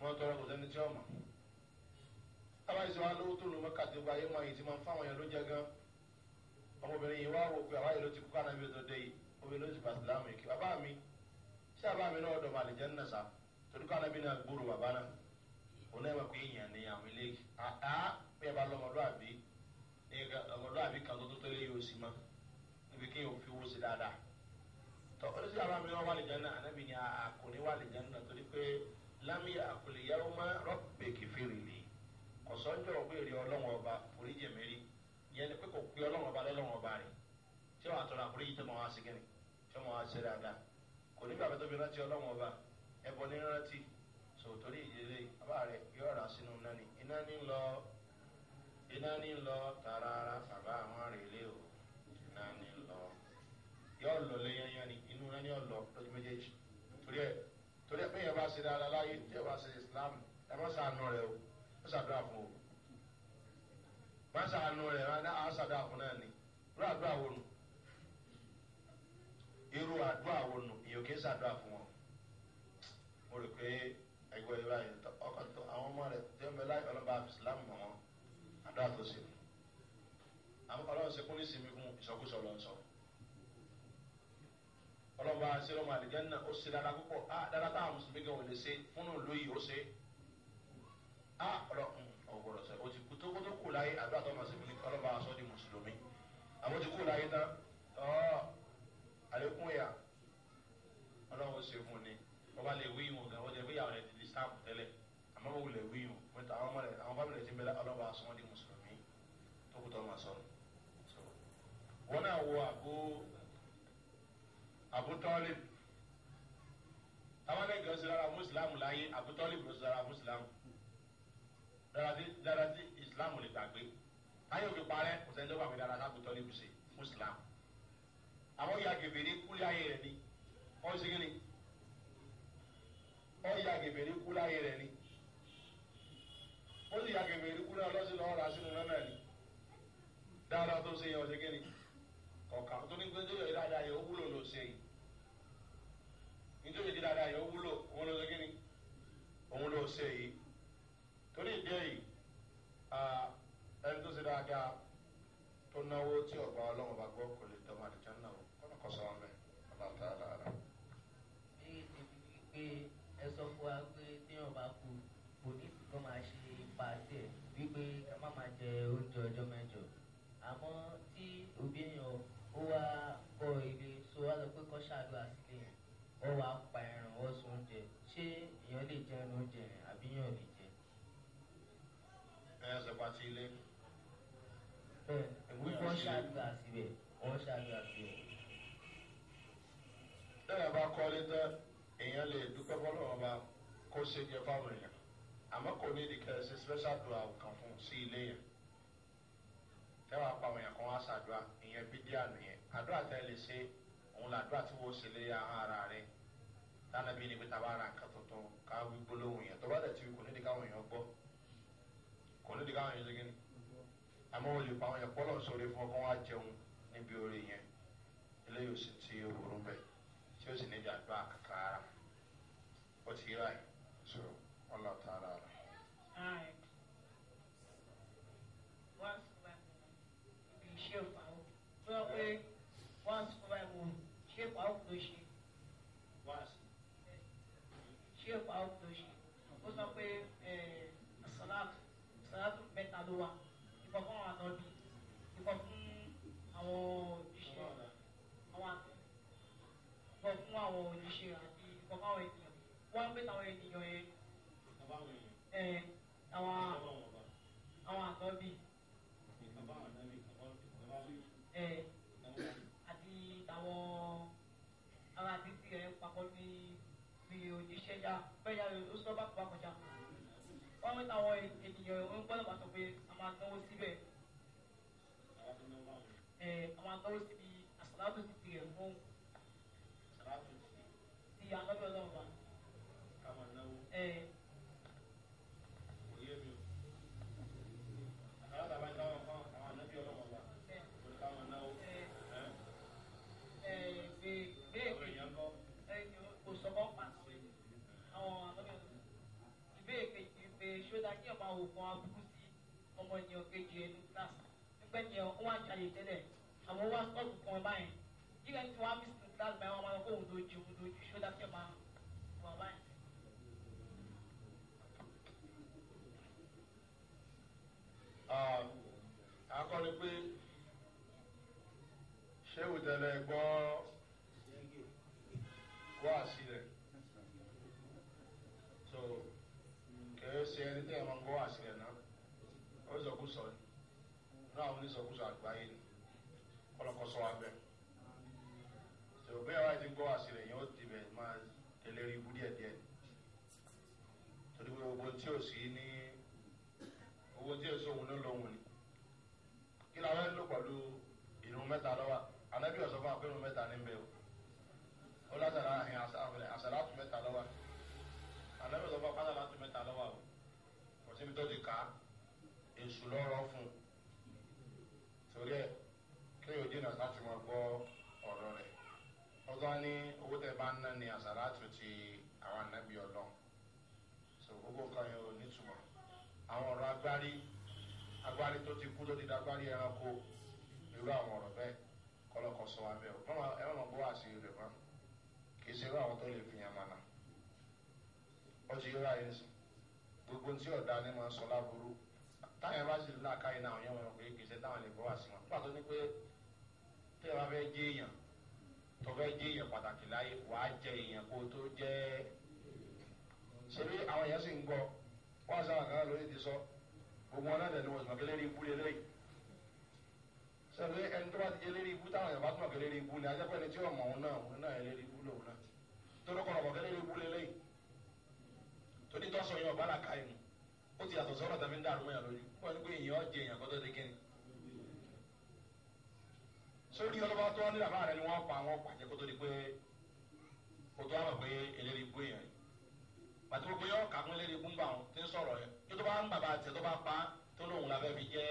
wọ́n tọrọ kò sẹ́ni tí wọ́n máa tábàtì wa lówó tó lòmọ kàdé gba ayé wọn yìí ti máa ń fáwọn yẹn ló jẹ gan ọmọbìnrin yìí wá wò pé àwa yìí ló ti kú káná bí o tó dé yìí obìnrin ló ti bàtì láàmú yìí kí bàbá mi ṣé bàbá mi náà dọ̀bà àlejò ń nàṣà torí káná bí náà gbúrò bàbá náà òun náà wà pé èèyàn ni àwọn ilé àá bí ẹ bá lọ ọmọlúàbí ọmọlúàbí kan tó tó tó lé yóò sì mọ níbi kí yóò fi owó sí dáadáa tọ ọ sí àwọn àmì wọn wà lè jẹun náà ànábì ni àkùnrin wà lè jẹun náà torí pé lámì àkùnrin yàrá ọmọ rọpẹ kìfìrì l kọ̀sọ́jọ́ òbéèrè ọlọ́wọ́n ọba oríjì mẹ́rí ìyẹn ni pé kò pé ọlọ́wọ́n ọba lọ́lọ́wọ́n ọba rẹ̀ tí wọ́n àtọ́ra àforíjì tó mọ̀ wá sí kẹ́ni tí wọ́n wá sí dáadáa kò nígbà pẹ́ tó fi rántí ọlọ́wọ́n ọba ẹbọ ní rántí sòtórí ìdílé bàbá rẹ̀ yóò rà sínú nani iná ní lọ iná ní lọ tààrà bàbá àwọn rè lé o iná ní lọ yóò lọ léyányá ni inú islam ẹ bá ṣàdúrà fún o má ṣàánú rẹ̀ rárá á ṣàdúrà fún náà ni irú àdúrà wo nu irú àdúrà wo nu èyàn kì í ṣàdúrà fún wọn mo rò pé ẹgbẹ́ ìwà yìí ọkàn tó àwọn ọmọ rẹ̀ tí wọ́n bẹ láì ọlọ́ba islam mọ̀ wọn àdúrà tó ṣe nù àwọn ọlọ́run ṣe kún ní sinmi fún ìṣọkúṣọ lọ́sọ̀ọ́ ọlọ́ba ṣẹlẹ̀ ọmọ àdìgẹ́ náà ó ṣe dára púpọ̀ ah, dára táwọn mùsùlùmí gan ò lè ṣe fúnnù lóyè ó ṣe é á ah, ọlọ́kùn mm, ọ̀gbọ̀rọ̀ sọ o ti kú tó kótó kù láyé àdúrà tó ma sèmi ní ọlọ́ba aṣọ di mùsùlùmí àwọn ti kú láyé tán ọ́ àlékún ìyá ọlọ́run ṣe fún ni wọ́n bá lè wí ìwọ̀n gan wọ́n jẹ́ bí àwọn ẹ̀dínlẹ̀ sáàpù tẹ́lẹ̀ àmọ́ wọ́n lè wí ìwọ̀n mẹ́ta àwọn mọ̀lẹ̀ àwọn bá mẹ́lẹ̀ ti mẹ́lẹ̀ ọlọ́ba aṣọ di mùsùlùmí tó kú tó ma sọ wọn náà wo dára sí islam lè gbàgbé táyé òkè parẹ́ kò sẹ́ni tó gbàgbé dára sábò tọ́ ní bùsè fún islam àwọn ìyá gèbèrè kúlẹ̀ ayé rẹ̀ ni ọ́n sì ní ọ́n ìyá gèbèrè kúlẹ̀ ayé rẹ̀ ni ó sì ìyá gèbèrè kúlẹ̀ ọlọ́sìn lọ́wọ́ rà sínú lọ́nà ni dáadáa tó ṣe yẹn ọ̀sẹ̀ kí ni kọ̀ọ̀kan tó ní gbẹ́jọ́ yọ̀ dáadáa yẹ ó wúlò ló ṣe yìí nítorí dáadáa yẹ ó wúlò òun ló ṣe kí òun ló ṣe yìí torí ìdí èyí ẹni tó ṣe dáadáa tó náwó tí ọgbà ọlọ́run bá gbọ́ kò lè dọ́mọ àdìjọ́ náà kọ́nà kọ́ sọ́wọ́n mẹ́ ọlọ́ọ̀tà alára. ní ìdèbí wípé ẹ sọ fún wa pé téèyàn bá kú kò ní kó máa ṣe ipa tiẹ̀ wípé ká má máa jẹ oúnjẹ ọjọ́ mẹ́jọ àmọ́ tí òbí èèyàn ó wá kọ ilé so wá lọ pé kọ́ ṣàdúrà sílé yẹn wá pa ẹran ó sùn oúnjẹ ṣé èèyàn lè jẹ oúnjẹ àbíyàn lè ẹsẹ̀pá sí ilé. wọ́n ṣàdúrà síbẹ̀ wọ́n ṣàdúrà síbẹ̀. lẹ́yìn bá kọ́lé tán èèyàn lè dúpẹ́ fọlọ́wọ́n bá kó ṣe jẹ fáwọn èèyàn àmọ́ kò ní ìdíkẹ́ ṣe special dua kan fún sí ilé yẹn tẹ́wọ́ apá àwọn èèyàn kan wá ṣàdúrà ìyẹn bí díà nìyẹn àdúrà tẹ́ lè ṣe òun làdúrà tí wọ́n ṣe lé àwọn ara rẹ̀ tánàbí ni pé tàbá ra nǹkan tuntun ká wí gbólóhùn yẹn tó kò ní di káwọn yẹn segin àmọ́ o lè pa àwọn yẹn kọ́lọ̀ sórí fún ọkàn wa jẹun níbi orí yẹn eléyìí ò sì ti òwúrọ̀ bẹ́ẹ̀ tí ó sì ní ìjàgbá kàkà ara ó ti yíra yìí so wọ́n lọ ta ara rẹ̀. wọ́n sọ wá ibi iṣẹ́ òfàwọ́ wọ́n gbogbo wa ìkọ̀ fún àwọn àtọ́jú ìkọ̀ fún àwọn òṣìṣẹ́ àwọn àtọ́ ìkọ̀ fún àwọn òṣìṣẹ́ àti ìkọ̀ fún àwọn ènìyàn wọ́n ń pè táwọn ènìyàn yẹn àwọn àwọn àtọ́jú àti àwọn ara títí ẹ̀ ń papọ̀ ní bí òjíṣẹ́ yá bẹ́ẹ̀ yá ló sọ bá kọ́ bá kọjá wọ́n ń pè táwọn ènìyàn ń gbọ́dọ̀ bá sọ pé máa náwó síbẹ̀ àwọn agbáwo síbi àsàlátò ti ti rẹ̀ mọ́ ti anábẹ́ ọlọ́run wa. Àwọn àlọ́ ìbéèrè kejì pé ṣó dájú ọ̀pá òògùn abúlé wọn yẹn ọgẹjì ẹnu class nígbà yẹn wọn wá jáde tẹlẹ àwọn wá sọọkù kan báyìí yíyá tí wọn á miss class báyìí wọn máa kó òun dojú òun dojú ṣọdá tẹ máa wọn báyìí. akọni pé ṣé òtẹlẹ gbọ́ wá sílẹ̀ so kẹ́ ẹ ṣe ẹni tí ẹ máa gbọ́ wá sílẹ̀ náà náà àwọn oníṣòwòsàn àgbáyé ni kọlọkọ sọ abẹ tó bẹ́ẹ̀ wá ti gbọ́ àṣírí yẹn ó ti bẹ̀ máa tẹ̀lé rí ibú díẹ̀ díẹ̀ torí pé owó tí o sí ní owó tí ò sí òun ló lóhun ni kí ni àwọn ẹlò pẹ̀lú ìrún mẹ́ta lọ́wọ́ anábì ọ̀sọ́ fún akérò mẹ́ta ní bẹ́ẹ̀ o ó látara àhìn àṣàlá tún mẹ́ta lọ́wọ́ anábì ọ̀sọ́ fún akérò mẹ́ta lọ́wọ́ o kò síbi tó ti kà á èṣù lọ́rọ́ fún un torí ẹ̀ kéèyàn jìnnà láti mọ gbọ́ ọ̀rọ̀ rẹ̀ ọgá ní owó tẹ bá ń ná ni àṣàrà àtúntì àwọn ànábì ọlọ́run so gbogbo nǹkan yẹn ò nítumọ̀ àwọn ọ̀rọ̀ agbárí agbárí tó ti kú tó ti dagbárí ẹranko irú àwọn ọ̀rọ̀ bẹ́ẹ̀ kọ́lọ́kọ́ sọ wa bẹ́ẹ̀ o ẹ má mọ̀ bó wà sí rẹ̀ mọ́ kì í ṣe irú àwọn tó lè fi yàn mọ́nà ó ti yọra sùn gbogbo tí ọ̀dà ni máa ń sọ láburú táyà bá sì là káyé náà yẹn wọn pé gbèsè táwọn lè bọ́ wá sí wọn pàtó ni pé téèyàn bá fẹ́ jẹ́ èèyàn tó fẹ́ jẹ́ èèyàn pàtàkì láyé wàá jẹ èèyàn kó tó jẹ́ ṣebí àwọn èèyàn sì ń gbọ́ wọ́n á sábà kan lórí ti sọ gbogbo wọn náà tẹ̀lé wọn sùn kẹlẹ́rì ibú lé lẹ́yìn sẹ́ni ẹni tó bá ti jẹ́ lérí ibú táwọn èèyàn bá tún kẹlẹ́rì ibú ni ajẹ́pẹ́ ni tí yóò mọ̀ òun náà òun náà ẹlẹ́rì ibú wọn ni pé èèyàn jẹ èèyàn kọ́tọ́ di kíni. sórí ọlọ́ba tó wá ní bàbá rẹ ni wọ́n pa àwọn pàjẹ́ kótó di pé kótó wà pé eléyìí gbé yẹn pàtó gbé yọ kàkún eléyìí gbún bá wọn tí ń sọ̀rọ̀ yẹn tó tó bá ń bàbá àti tó bá pa tó lóun làbẹ́ fi jẹ́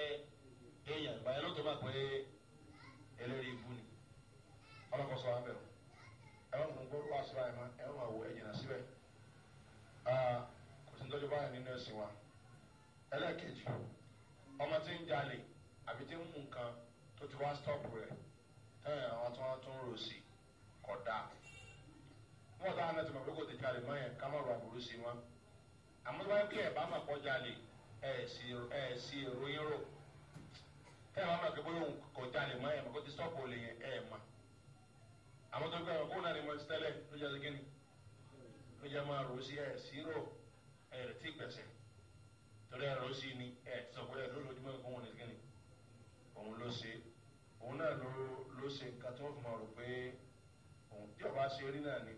èèyàn báyẹn ló tó bá pé eléyìí gbún ni ọlọ́kọ̀ sọ wọn bẹ̀rù ẹ̀rọ mú gbọ́dọ̀ wá síra ẹ̀ máa ẹ̀rọ máa wo ẹ̀jìnà síbẹ̀ kò sí ní tọ́jú báyìí nínú ẹ̀sìn wa ẹlẹ́ẹ̀kejì ọmọ tí ń jalè àbí tí ń mú nǹkan tó ti wá stọ́ọ̀pù rẹ̀ tẹ́lẹ̀ àwọn tí wọ́n tún rò sí kọ̀dá wọ́n dáhùn náà ti mọ̀ pé kò ti jalè mọ́ yẹn ká má rọ àbúrú sí wọn àmọ́ wáyé pé ẹ̀ bá mà kọ́ jalè ẹ̀ sì ròyìn rò tẹ́lẹ̀ wọn mọ̀ pé bóyá òun kò jalè mọ́ yẹn kò ti stọ́ọ̀pù olè yẹn ẹ̀ mà àmọ́ tó gbẹ̀rẹ̀ kó náà ni mo ti tẹ́lẹ̀ ló jẹ́ sí kíni ló jẹ́ máa rò sí ẹ̀ sí rò ẹ̀ tí gbẹ̀sẹ̀ torí ẹ ló sì ni ẹ sọpọ ẹ lójoojúmọ kó wọn nìkan ni òun ló ṣe òun náà ló ló ṣe nǹkan tó fún ọ rò pé òun tí ọba ṣe rí náà ni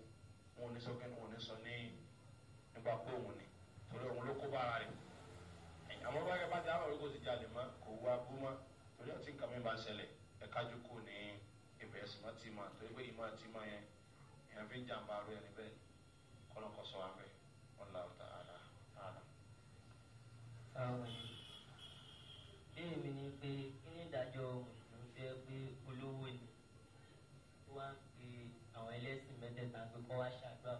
wọn ò ní sọ pé wọn ò ní sọ ní nípa pé òun ni torí òun ló kó bára rẹ àwọn ọba yẹn bá dá àwọn olóko ti jalè mọ kò wú abú mọ torí ọtí nǹkan mi bá ṣẹlẹ̀ ẹ̀ka jókòó ní ibẹ̀ ẹ̀sìn mọ́ tì mọ́ torí pé ìmọ̀ tì mọ́ yẹn ìyẹn fi ń jàǹbá rẹ níbẹ̀ kọ́lọ́kọ́ sọ wá bẹ́ẹ̀. nǹkan wọ̀nyí béèrè mi ni pé kí ni ìdájọ́ mùsùlùmí fẹ́ pé olówó ni wọ́n á pe àwọn ẹlẹ́sìn mẹ́tẹ̀ẹ̀ta pé kọ́ wá ṣàdúrà.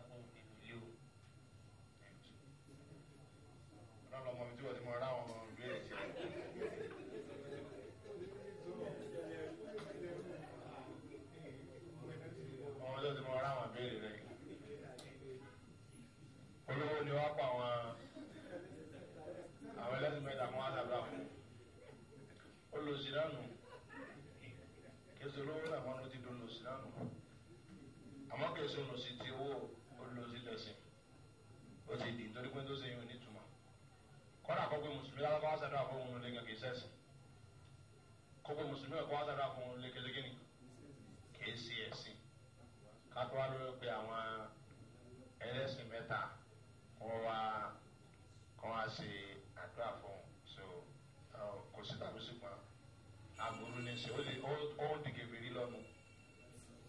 aburú ní ṣe ó lè ó ń dìgẹ̀ fèrè lọ́nu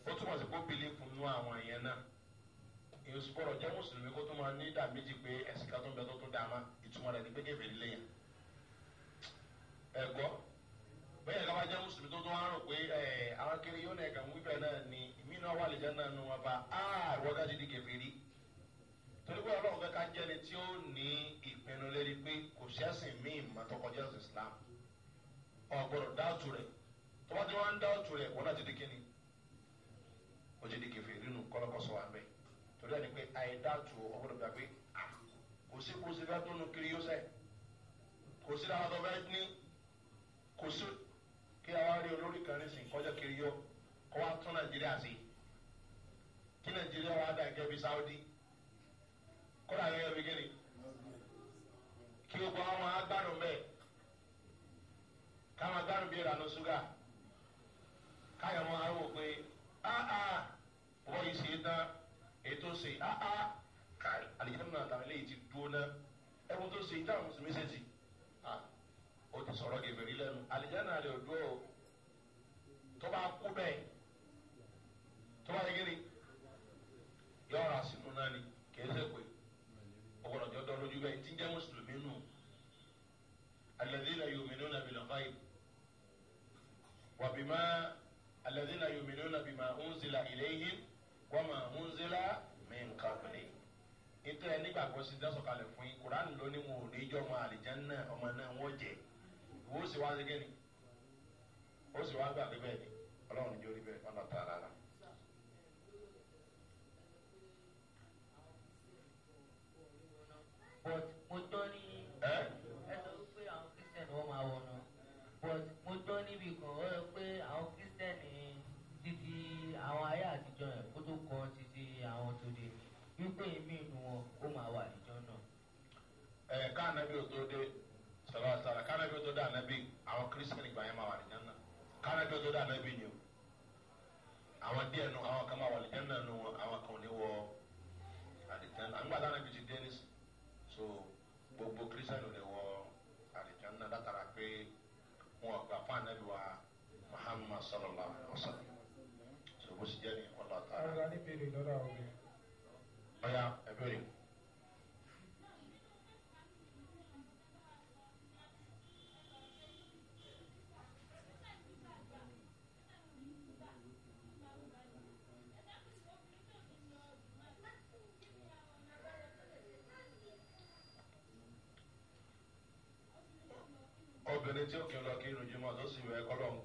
ó túmọ̀ sí pé ó bìlí fún inú àwọn èèyàn náà ìsúkọ̀rọ̀ jẹ́ mùsùlùmí kó tó máa ní ìdá méjì pé ẹ̀sìn kan tó ń bẹ tó tó dáa má ìtumọ̀ rẹ̀ ní pé kẹfẹ́ lẹ́yìn ẹ̀gọ́ bẹ́ẹ̀ ká bá jẹ́ mùsùlùmí tó tó wá rò pé ẹ̀ àwọn kiri yóò náà kàn wípé náà ni mí náà wà lè jẹ́ náà nu wọn bá a wọ́n ká ti di kẹfìrí torí pé ọlọ́run kẹ́kẹ́ jẹ́ni tí ó ní ìpinnu lérí pé kò sẹ́sìn míì mọ́tọ́kọjẹ́sìn islam ọ̀gbọ́dọ̀ dáàtú rẹ̀ tọ́ba tí wọ́n ń dáàtú rẹ̀ wọ́n náà ti di kíni ó ti di kẹfẹ́ nínú kọ́lọ́kọ́sọ àmì torí ẹni pé àyè dáàtú ọ̀gbọ́dọ̀ gbàgbé kò sí kó sí fẹ́ tó nu kiri yóò sẹ́ kò sí dáhà tó fẹ́ ní kò sí kí àwa rí olórí kan ní sìn kọjá kiri yóò kọ́ wa tún nàìjíríà sí kí nàìjíríà wa dà gẹ́gẹ́ bí sáwọ́dí kó gẹ́gẹ́ bí kíni kí gbogbo àwọn agbádùn bẹ́ẹ̀ káwọn agbárùn bíi ìrànú ṣúgà káyọ̀ mọ́ arúgbó pé áá wọ́n yìí ṣe é tán ètò ṣe áá káì àlejò náà tàbí lè ti dúró náà ẹ̀wọ̀n tó ṣe táwọn mùsùlùmí ṣe ti ó ti sọ̀rọ̀ gèbèrè lẹ́nu àlejò náà lè dúró tó bá kú bẹ́ẹ̀ tó bá yẹ kí ni. sì dá sọ̀kalẹ̀ fún yín kuraani ló ní wọn ò ní jọ́ ọmọ àlìjánná ọmọ náà wọ́n jẹ́ ìwọ ó sì wá sí kẹ́ni ó sì wá gbà pé ni ọlọ́run jórí bẹ́ẹ̀ ọ̀nà tààrà anabi o tó dé sàlàsàlà kánabi o tó dé anabi àwọn kírísítẹ́nì gbà yẹn máa wà nìyẹn nabi kánabi o tó dé anabi ni o àwọn díẹ̀ nù àwọn kan máa wà nìyẹn náà nù àwọn kan ò ní wọ àdìtẹ́ náà nígbà táwọn ibi ti dé ní so gbogbo kírísítẹ́nì ò lè wọ àdìtẹ́ náà látara pé wọn gbà fún anabi wa muhammad sallallahu alayhi wa sallam so bó ti jẹ́ ni ọlọ́ta. ara ní bèrè lọ́dọ̀ àwọn obìnrin. ọ̀ya ẹ ẹni tí ó kí ọlọ́kí tó sì wẹ́ kọ́ lọ́n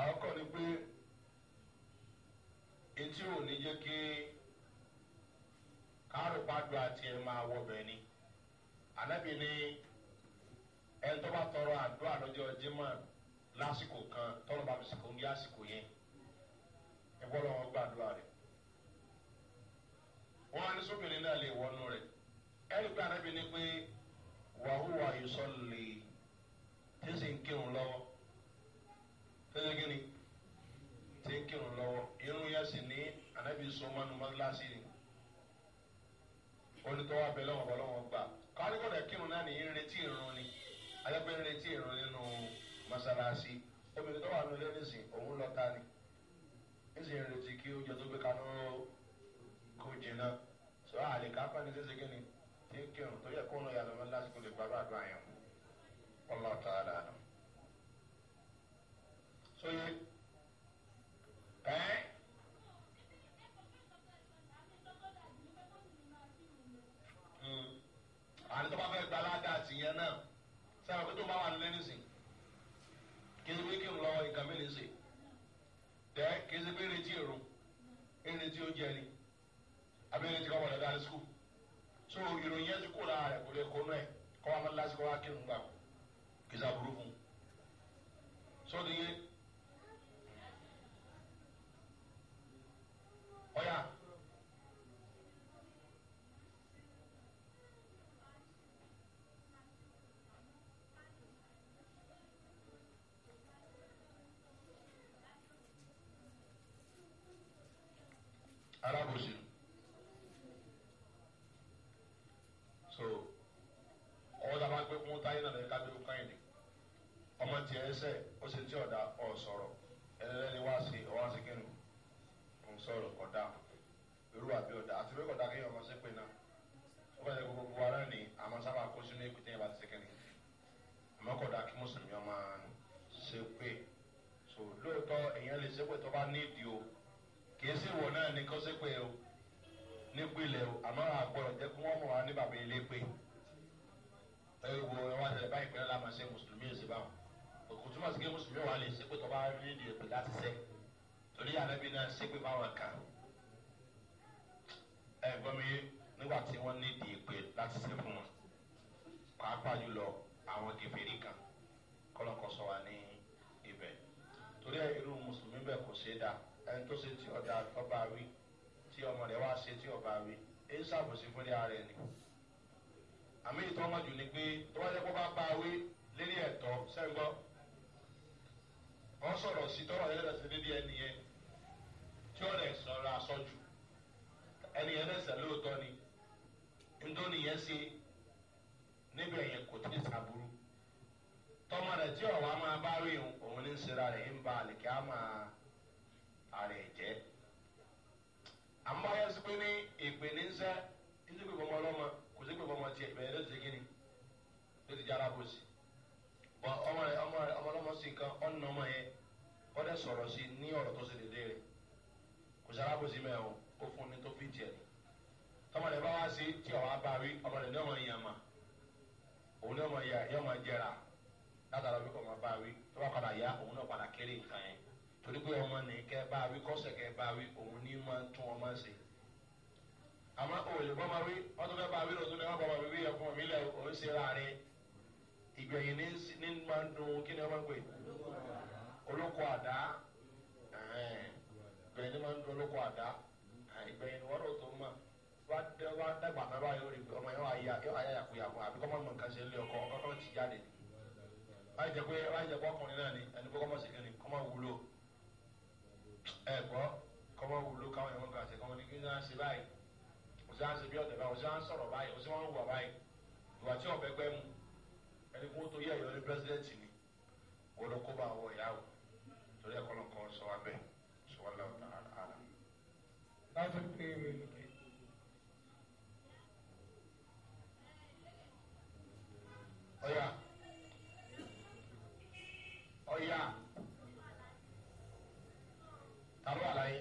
àwọn ni pé etí ò ní jẹ́ kí káàrò àti ẹ̀ máa wọbẹ̀ ni ni ẹni tó bá tọrọ àdúrà lọ́jọ́ jimá lásìkò kan tọ́lọ́ bá fi sìkò ní àsìkò yẹn ẹ wọ́n á ní sóbìnrin náà lè wàhùwà ìsọ̀lì tí sì ń kírun lọ́wọ́ tẹ́lẹ̀ kí ni tí ń kírun lọ́wọ́ irun yẹn sì ní anabi sọmanu mọ́láṣí ni onítọ́wọ́ abẹ lọ́wọ́ bọ́ lọ́wọ́ gbà káríkọ̀dà kírun náà ní ìrètí ìrun ni ayẹ́pẹ́ ìrètí ìrun nínú mọ́sálásí obìnrin tó wà ní nísìn òun lọ ni nísìn ìrètí kí oúnjẹ tó gbé kaná kó jìnnà sọ àlè kápá ní tẹ́sẹ̀ kí ni tí ń kírun tó yẹ kó ń yà lọ́mọ lásìkò lè gbàgbọ́ àdúrà yẹn ọlọ́ tààlà nù. sóyè ẹ́ hmm. àní tó bá fẹ́ gba aládàá tìyẹn náà sábà pé tó bá wà nílẹ̀ nísìnyí kí ni wíkì ń lọ ìkàmí nísìnyí tẹ́ kí bí retí èrò ń retí oúnjẹ ni àbí retí kọ́ wọlé dáa ní so ìròyìn yẹn ti kó lára rẹ̀ kó lè kó náà kọ́ wọn lásì kọ́ wọn kírun gbà wọ́n kí sá burú fún un sọ́dọ̀ yẹn ọ̀ya. dẹ́sẹ̀ ó ṣe tí ọ̀dà ọ̀ sọ̀rọ̀ ẹlẹ́ni wá sí ọ̀wá sí kínú ń sọ̀rọ̀ kọ̀dá irú àbí ọ̀dà àti pé kọ̀dá kéèyàn ọmọ sẹ́pẹ̀ náà ó bá yẹ kó gbogbo ara ní àmọ́ sábà kó sínú èkó tẹ́yìn bá ti sẹ́kẹ̀ ní àmọ́ kọ̀dá kí mùsùlùmí ọmọ sẹ́pẹ̀ so lóòótọ́ èèyàn lè sẹ́pẹ̀ tó bá nídìí o kìí sì wọ̀ náà ní kó sẹ́pẹ̀ o nípìnlẹ̀ o àmọ́ àgbọ̀rọ̀ jẹ́ kó wọ́n mọ̀ wá ní bàbá ilé pé ẹ wo ẹ wá tẹ̀lé báyìí pé lámàṣẹ́ mùsùlùmí ẹ̀ sí báwọn òkú túmọ̀ sí pé mùsùlùmí wà lè ṣépè tó bá rí ìdí èpè láti sẹ́ torí ànábì náà ṣépè báwọn kan ẹ gbọ́ mi nígbà tí wọ́n ní ìdí èpè láti sẹ́ fún wọn pàápàá jùlọ àwọn gèfèrè kan kọ́lọ́kọ́sọ wà ní ibẹ̀ torí ẹ irú mùsùlùmí bẹ́ẹ̀ kò ṣe é dá ẹni tó ṣe tí ọ̀dà ọba wí tí ọmọ rẹ̀ wá ṣe tí ọba wí èyí ṣàbòsí fúnlé ara ẹni àmì ìtọ́mọ̀jù ni pé tó wáyé kó bá bá wí lérí ẹ̀tọ́ sẹ́ńgọ́ wọ́n sọ̀rọ̀ sí tọ́rọ̀ ẹ̀rọ ṣe bíbí ẹni yẹn tí ọ̀rẹ́ sọ̀rọ̀ àsọjù ẹni yẹn lẹ́sẹ̀ lóòótọ́ ni nítorí yẹn ṣe níbẹ̀ yẹn kò tí ì sàbúrú tọ́mọ rẹ̀ tí ọ̀wá máa bá rí òun ní sira rẹ̀ ń ba àlèkè á máa àrẹ̀ jẹ́ àmọ́ yẹn sí pé ní èpè ní sẹ́ ní sí pé bọ́mọ ọlọ́mọ kò sí pé bọ́mọ tiẹ̀ ìbẹ̀rẹ̀ ló ti kí ni ló ti jára bó sí wa ọmọ rẹ ọmọ rẹ ọmọ ọlọmọ sí nǹkan ọ̀nà ọmọ yẹn wọ́n dẹ̀ ní ọ̀rọ̀ tó ṣe dédé rẹ̀ kò sára bó sí mẹ́ẹ̀ o kó fún ni tó fi tiẹ̀ ni tọmọ rẹ bá wá sí tí ọ̀wá bá rí ọmọ rẹ ní ọmọ yẹn mà òun ní ọmọ yẹn yọ ọmọ jẹra látara bí kò máa bá rí tó bá padà yá òun náà padà kéré nǹkan yẹn torí pé ọmọ ní kẹ bá rí kọ́sẹ̀ kẹ bá rí òun ní máa tún ọmọ ṣe àmọ́ òòlù bọ́ máa rí ọdún mẹ́ta rí ọdún mẹ́ta bọ́ máa rí ẹ̀kún mi lẹ̀ òun ṣe ìgbẹ̀yìn ní máa ń dun kí ni wọ́n máa ń pè olóko àdá ìgbẹ̀yìn ní máa ń dun olóko àdá ìgbẹ̀yìn ni wọ́n rò tó mọ̀ wá dàgbà náà báyìí ó rí pé ọmọ yẹn wà yá yóò ayá yàkuyàku àbí kọ́ máa mọ nǹkan ṣe lé ọkọ ọkọ ti jáde láì jẹ́ pé láì jẹ́ pé ọkùnrin náà ni ẹni pé kọ́ máa ṣe kiri kọ́ máa wúlò ẹ gbọ́ kọ́ máa wúlò káwọn ẹ̀wọ̀n kan ṣe kọ́ ní kí ní wọ́n ṣe báyìí òṣìṣẹ́ wọn ṣe bí ọ̀tẹ̀ báyìí òṣìṣẹ́ wọn sọ̀rọ̀ báyìí òṣìṣẹ́ wọn wùwà báyìí ìwà tí ọ̀bẹ gbẹ́mu ẹni kó tó yẹ ìyọrí pírẹsidẹ́ǹtì ni wọn ló kó bá àwọ ìyá o torí ẹ̀kọ́ náà kọ́ sọ wá bẹ́ẹ̀ sọ wá láwùjọ àlà. láti pé ìwé nìkẹ́. ọ̀yà ọ̀yà tàbí àlàyé.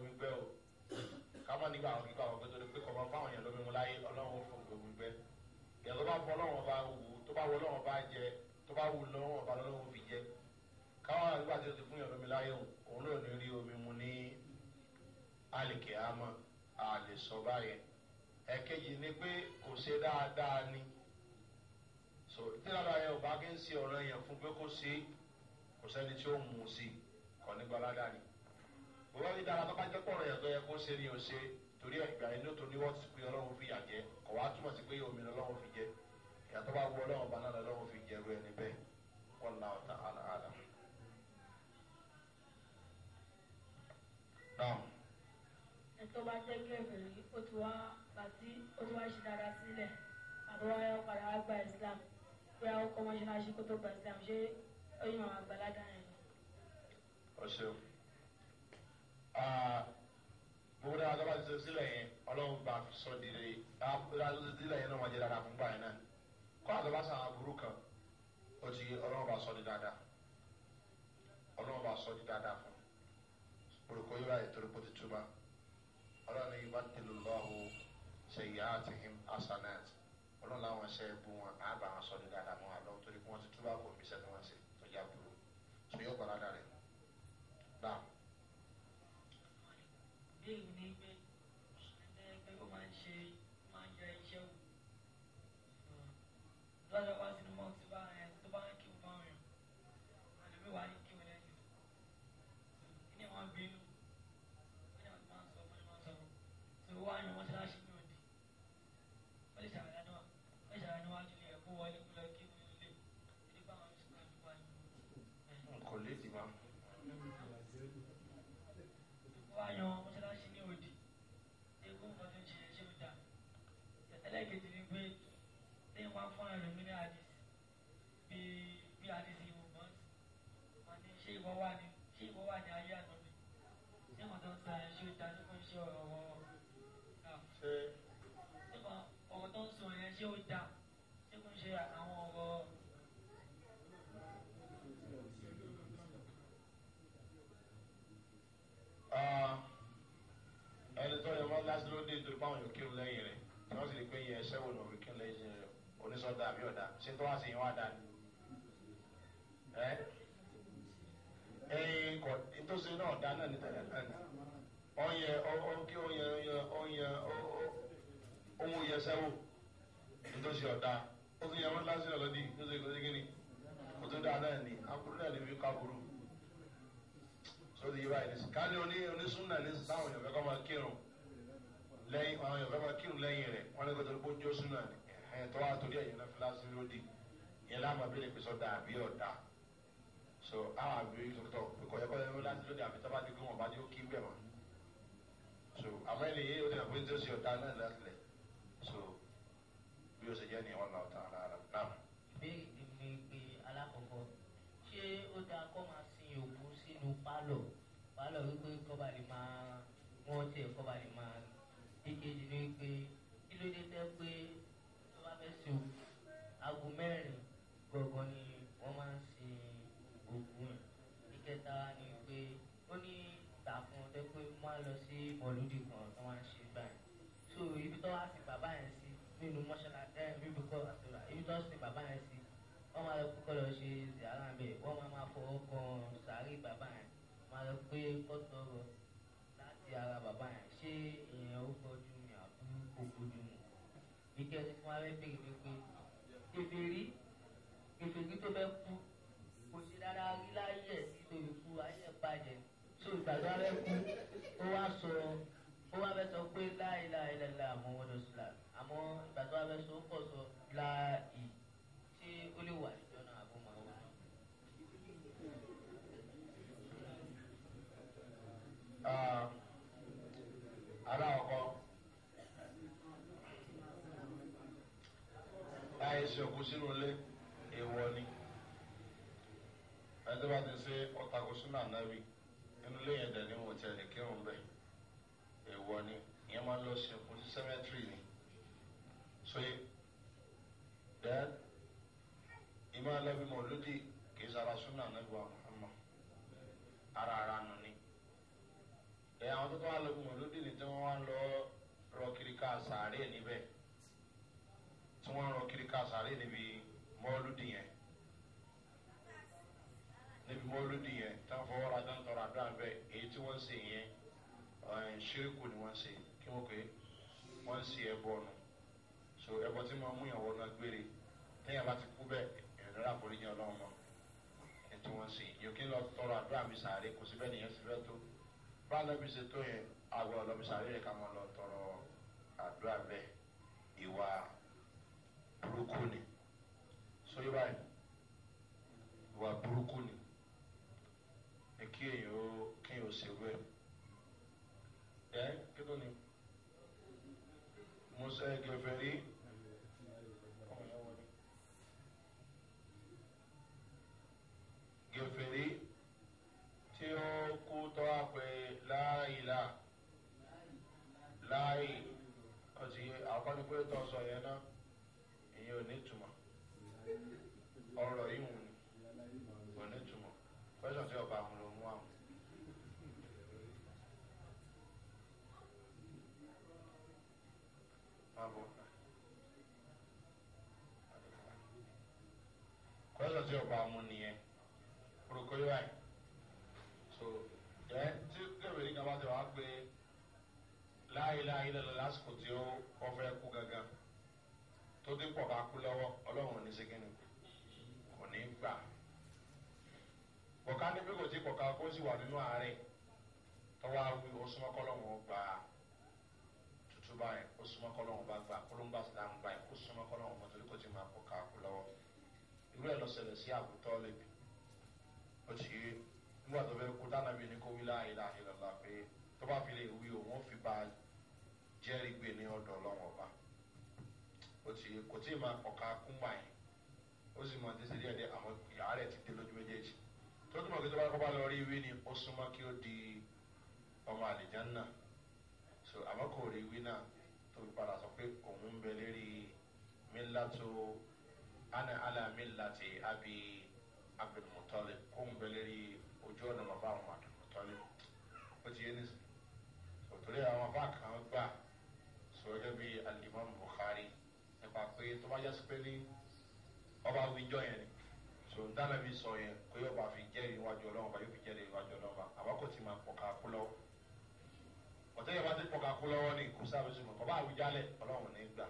gbígbẹ́ o ká má nígbà àwọn gbígbà wọn pé torí pé kọ̀ọ̀kan fáwọn èèyàn lómi mu láyé ọlọ́run fún gbogbo gbígbẹ́ ìyẹn tó bá fọ ọlọ́run ọba wù tó bá wọ ọlọ́run ọba jẹ tó bá wù lọ́run ọba lọ́run fi jẹ káwọn àgbà tó ti fún èèyàn lómi láyé òun náà ní rí omi mu ní àlèkè àmọ́ àlè sọ báyẹn ẹ̀kejì ni pé kò ṣe dáadáa ni so tílára yẹn ò bá kí ń ṣe ọ̀rọ̀ yẹn fún pé kó ṣe kò sẹ́ni tí ó mú un sí kọ́ nígbà ládàá ni bóyá ní dára tó bá jẹ́ pọ̀rọ̀ yẹn tó yẹ kó ṣe ni ò ṣe torí ẹgbà inú tó ní wọ́n ti pé ọlọ́run fi yà jẹ́ kọ̀ wá túmọ̀ sí pé omi ọlọ́run fi jẹ́ ìyàtọ̀ bá wọ ọlọ́run bá náà ọlọ́run fi jẹ́ ru ẹni bẹ́ẹ̀ wọ́n náà ta àlàálà. ẹ̀tọ́ bá jẹ́ gẹ̀ẹ́fẹ̀ rí ó ti wá bàtí ó ti wá ṣe dára sílẹ̀ àbúrò ayọ̀ padà wá gba islam bóyá ó kọ́ mọ́ṣáláṣí kó tó gba islam ṣé ó yàn àgbàlá dáhùn. ọ̀ṣẹ́ o gbogbo dára tó bá ti sọ sílẹ̀ yẹn ọlọ́run bá fi sọ dìde ah, sílẹ̀ yẹn náà wọ́n jẹ́ dáadáa fún gbàyẹn náà kó àtọ́ bá sàn àbúrú kan ó ti ọlọ́run bá sọ di dáadáa ọlọ́run bá sọ di dáadáa fún olùkọ́ yóò ráyè torí pé ó ti túbà ọlọ́run yìí bá tẹ̀lé lọ́hùn ṣèyí àtìhìm asanat ọlọ́run làwọn ṣe é bú wọn àbá wọn sọ di dáadáa mọ́ àlọ́ torí pé wọ́n ti túbà kò mí sẹ́ni wọn ṣe tó yá burú tó yọ gbàlá dára sọ̀rọ̀ wọn ṣe nípa ọ̀rọ̀ tó ń sọ yẹn ṣé ó da ṣé kò ń ṣe àwọn ọ̀rọ̀. ẹni tó yẹ wọn lásìkò ló dé nítorí báwọn yòókè ń lẹ́yìn rẹ̀ tí wọ́n sì rí pé yẹn ẹṣẹ́ wò ló rí kí ń lẹ́yìn rẹ̀ onísọ̀dá àbí ọ̀dà ṣé tó wá sí yẹn wá dá ni. ẹyin kọ nítòsí náà dá náà ní tẹ̀lé náà ni ọyẹ ọkí ọyẹ ọyẹ ọyẹ ohun ìyẹsẹ́wò nítòsí ọ̀dà ó tún yẹ mọ́tíláṣí ọ̀lọ́dì nítòsí ìkọ́sí kínní ó tún dáa náà ní akuru náà níbi kakuru sóde yìí báyìí nísì káàní oní onísúnà nísì táwọn èèyàn fẹ́ kọ́ máa kírun lẹ́yìn àwọn èèyàn fẹ́ máa kírun lẹ́yìn rẹ̀ wọ́n ní kó tó bó jó súnà ní ẹ̀ tọ́ àtòrí ẹ̀yìn náà fíláṣí lódì ìyẹn láàmú abẹ́lẹ̀ pèsè ọ̀dà àbí ọ̀dà so àwọn àbí tó tọ̀ kọ̀ yẹ kọ́ yẹ láti lódì àbí tábàdì gbé wọn bá dé ó kí wẹ̀ wọn so àmọ́ ẹni yìí ó dẹ̀ pé tó ṣe ọ̀tá náà lẹ́sílẹ̀ so bí ó ṣe jẹ́ ní ọ̀nà ọ̀tá ara rẹ̀ náà. ìbéèrè mi ni pé alákọ̀ọ́kọ́ ṣé ó dáa kọ́ máa sin òkú sínú pálọ̀ pálọ̀ wípé kọ́ba lè máa wọ́n tẹ̀ kọ́ba lè máa díkejì ni pé kí ló dé tẹ́ pé tó bá fẹ́ sin aago mẹ́rin gbọ̀ngàn ni máa lọ kọ́kọ́ lọ ṣe yàrá bẹ̀ wọ́n máa máa fọwọ́ kan sàárè bàbá yẹn máa lọ pé kọ́tọ́rọ̀ láti ara bàbá yẹn ṣé èèyàn ó fojú mi àbúrò kò fojú mi. ìjẹ́ ti fún alẹ́ bèrè mi pé kèfèrí kèfèrí tó fẹ́ kú kò ṣe dáadáa rí láyé ẹ̀ nítorí kú ayé ẹ̀ bàjẹ́ tó ìgbàgbọ́ rẹ̀ kú ó wá sọ ó wá fẹ́ sọ pé láìláìlẹ́lẹ́ àmọ́ wọ́n lọ sí la àmọ́ ìgbàgbọ́ rẹ̀ sọ ó pọ̀ sọ láì lè wà níjọ́ náà àbó máa wà. Ah, ara ọkọ láì ṣe òkú sínú ilé èèwọ̀ ni ẹjọ́ bá ti ṣe ọ̀tàkùn sínú ànábì inú ilé yẹn dẹ̀ ní wòtẹ́ẹ̀lì kírun bẹ́ẹ̀ èèwọ̀ ni ìyẹn máa ń lọ sí òkú sí sẹ́mẹ́tírì ni so then ìmọ̀ ẹlẹ́bi mọ̀lódì kì í sara súnà nàgbà Muhammad ara ara nù ni ẹ àwọn tó tó wà lẹ́bi mọ̀lódì ni tí wọ́n wá lọ rọ kiri ká sàárè níbẹ̀ tí wọ́n rọ kiri ká sàárè níbi mọ́lódì yẹn níbi mọ́lódì yẹn táwọn fọwọ́ ra dáńtọ́ ra dáa bẹ́ẹ̀ èyí tí wọ́n ń sè yẹn ṣíríkù ni wọ́n ń sè kí wọ́n pè é wọ́n ń sè ẹbọ nù so ẹbọ tí wọ́n mú yàn wọ́n náà gbére téèyàn bá ti kú bẹ́ẹ̀ àdúrà foríjì ọlọ́run mọ́ ètò wọn sì yòókè lọ tọrọ àdúrà mi sàárè kò sí bẹ́ẹ̀ nìyẹn sí fẹ́ tó bá lọ́bi ṣe tó yẹn àwọ̀ ọlọ́bi sàárè rẹ̀ ká mọ́ lọ tọrọ àdúrà bẹ́ẹ̀ ìwà burúkú ni sóyè báyìí ìwà burúkú ni ni kí èèyàn ó kí èèyàn ó ṣe wẹ̀ ẹ́ kí ló ni mo ṣe gẹ̀fẹ̀ rí. gèfèrè tí ó kú tó wá pé láìlà láì ọtí àkọ́ni pé tó sọ yẹn náà ìyẹn ò ní túmọ̀ ọ̀rọ̀ yìí ni kò ní túmọ̀ pẹ́sàn tí ọba àwọn ló mú àwọn. Pẹ́sàn tí ọba péré báyìí so ẹ tí lẹ́wẹ̀ẹ́ nígbà bá tẹ̀ wá pé láàyè láàyè lẹ́la lásìkò tí ó wọ́n fẹ́ kú gangan tó dé pọ̀ bá kú lọ́wọ́ ọlọ́run ò ní segin ni kò ní gbà kọ̀ọ̀ká ní bí kò tí kọ̀ọ̀ká kó sì wà nínú àárín tọ́wọ́ awi ó súnmọ́ kọ́lọ́run ó gbà á tutu báyìí ó súnmọ́ kọ́lọ́run bá gbà kólóńgbà sílámù báyìí ó súnmọ́ kọ́lọ́run mọ́tò kó ti máa kó ká kú lọ́wọ́ irú lọ́sẹ̀lẹ̀ sí àbútọ́ lẹ́bi ó ti yé nígbà tó fẹ́ kú dáná bíi ní kó wí láàyè láàyè lọ́la pé tó bá fi lè wí òun ó fi ba jẹ́rìí gbé ní ọ̀dọ̀ ọlọ́run ọba ó ti yé kò tí ì máa pọ̀ka kúmbà yìí ó sì mọ̀ títí díẹ̀ díẹ̀ àwọn ìyá rẹ̀ ti dé lójú méjèèjì tó túmọ̀ pé tó bá kọ́ bá lọ rí ìwé ni ó súnmọ́ kí ó di ọmọ àlìjá náà so àmọ́ kò rí ìwé náà tó fi padà sọ pé òun ń bẹ lérí mílá ana ala mílá ti abi. Abdulmutalib kó ń bẹ lérí ojú ọ̀nà bàbá àwọn Abdulmutalib ó ti yé ní sùn òtúrẹ́ àwọn bàbá kan gbà sọ gẹ́gẹ́ bí alimami buhari nípa pé tó bá jásí pé ní ọba wíjọ yẹn ni sọ dáná bí sọ yẹn kó yóò bá fi jẹ́ ìwájú ọlọ́run bá yóò fi jẹ́ ìwájú ọlọ́run bá àbákò tí máa pọ̀ ká kú lọ́wọ́ ọ̀tẹ́yẹ bá ti pọ̀ ká kú lọ́wọ́ ni kò sáà bísí mọ̀ kọ́ bá àwíjálẹ̀ ọlọ́run ní gbà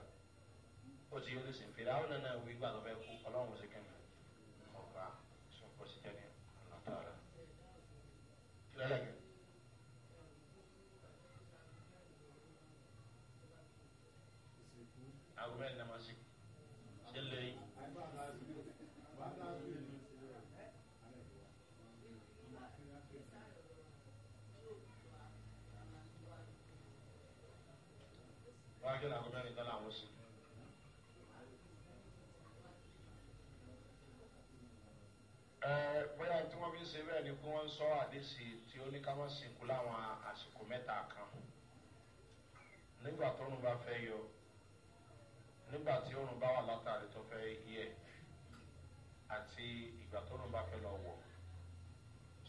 ó ti yóò ní sìn fèrè àwọn náà wí gbà tó fẹ́ kú ọlọ́run sì kẹ́mi. lẹ́lẹ́kẹ̀. aago mẹ́rin náà máa ṣe ṣe lè yí. wọ́n á jẹ́ aago mẹ́rin náà làwọn ṣe. bóyá tí wọ́n fi ń ṣe bẹ́ẹ̀ ni kí wọ́n ń sọ àdéṣe ló ní ká má sìnkú láwọn àsìkò mẹ́ta kan nígbà tó rùn bá fẹ́ yọ nígbà tí òrùn bá wà látàrí tó fẹ́ yẹ àti ìgbà tó rùn bá fẹ́ lọ wọ̀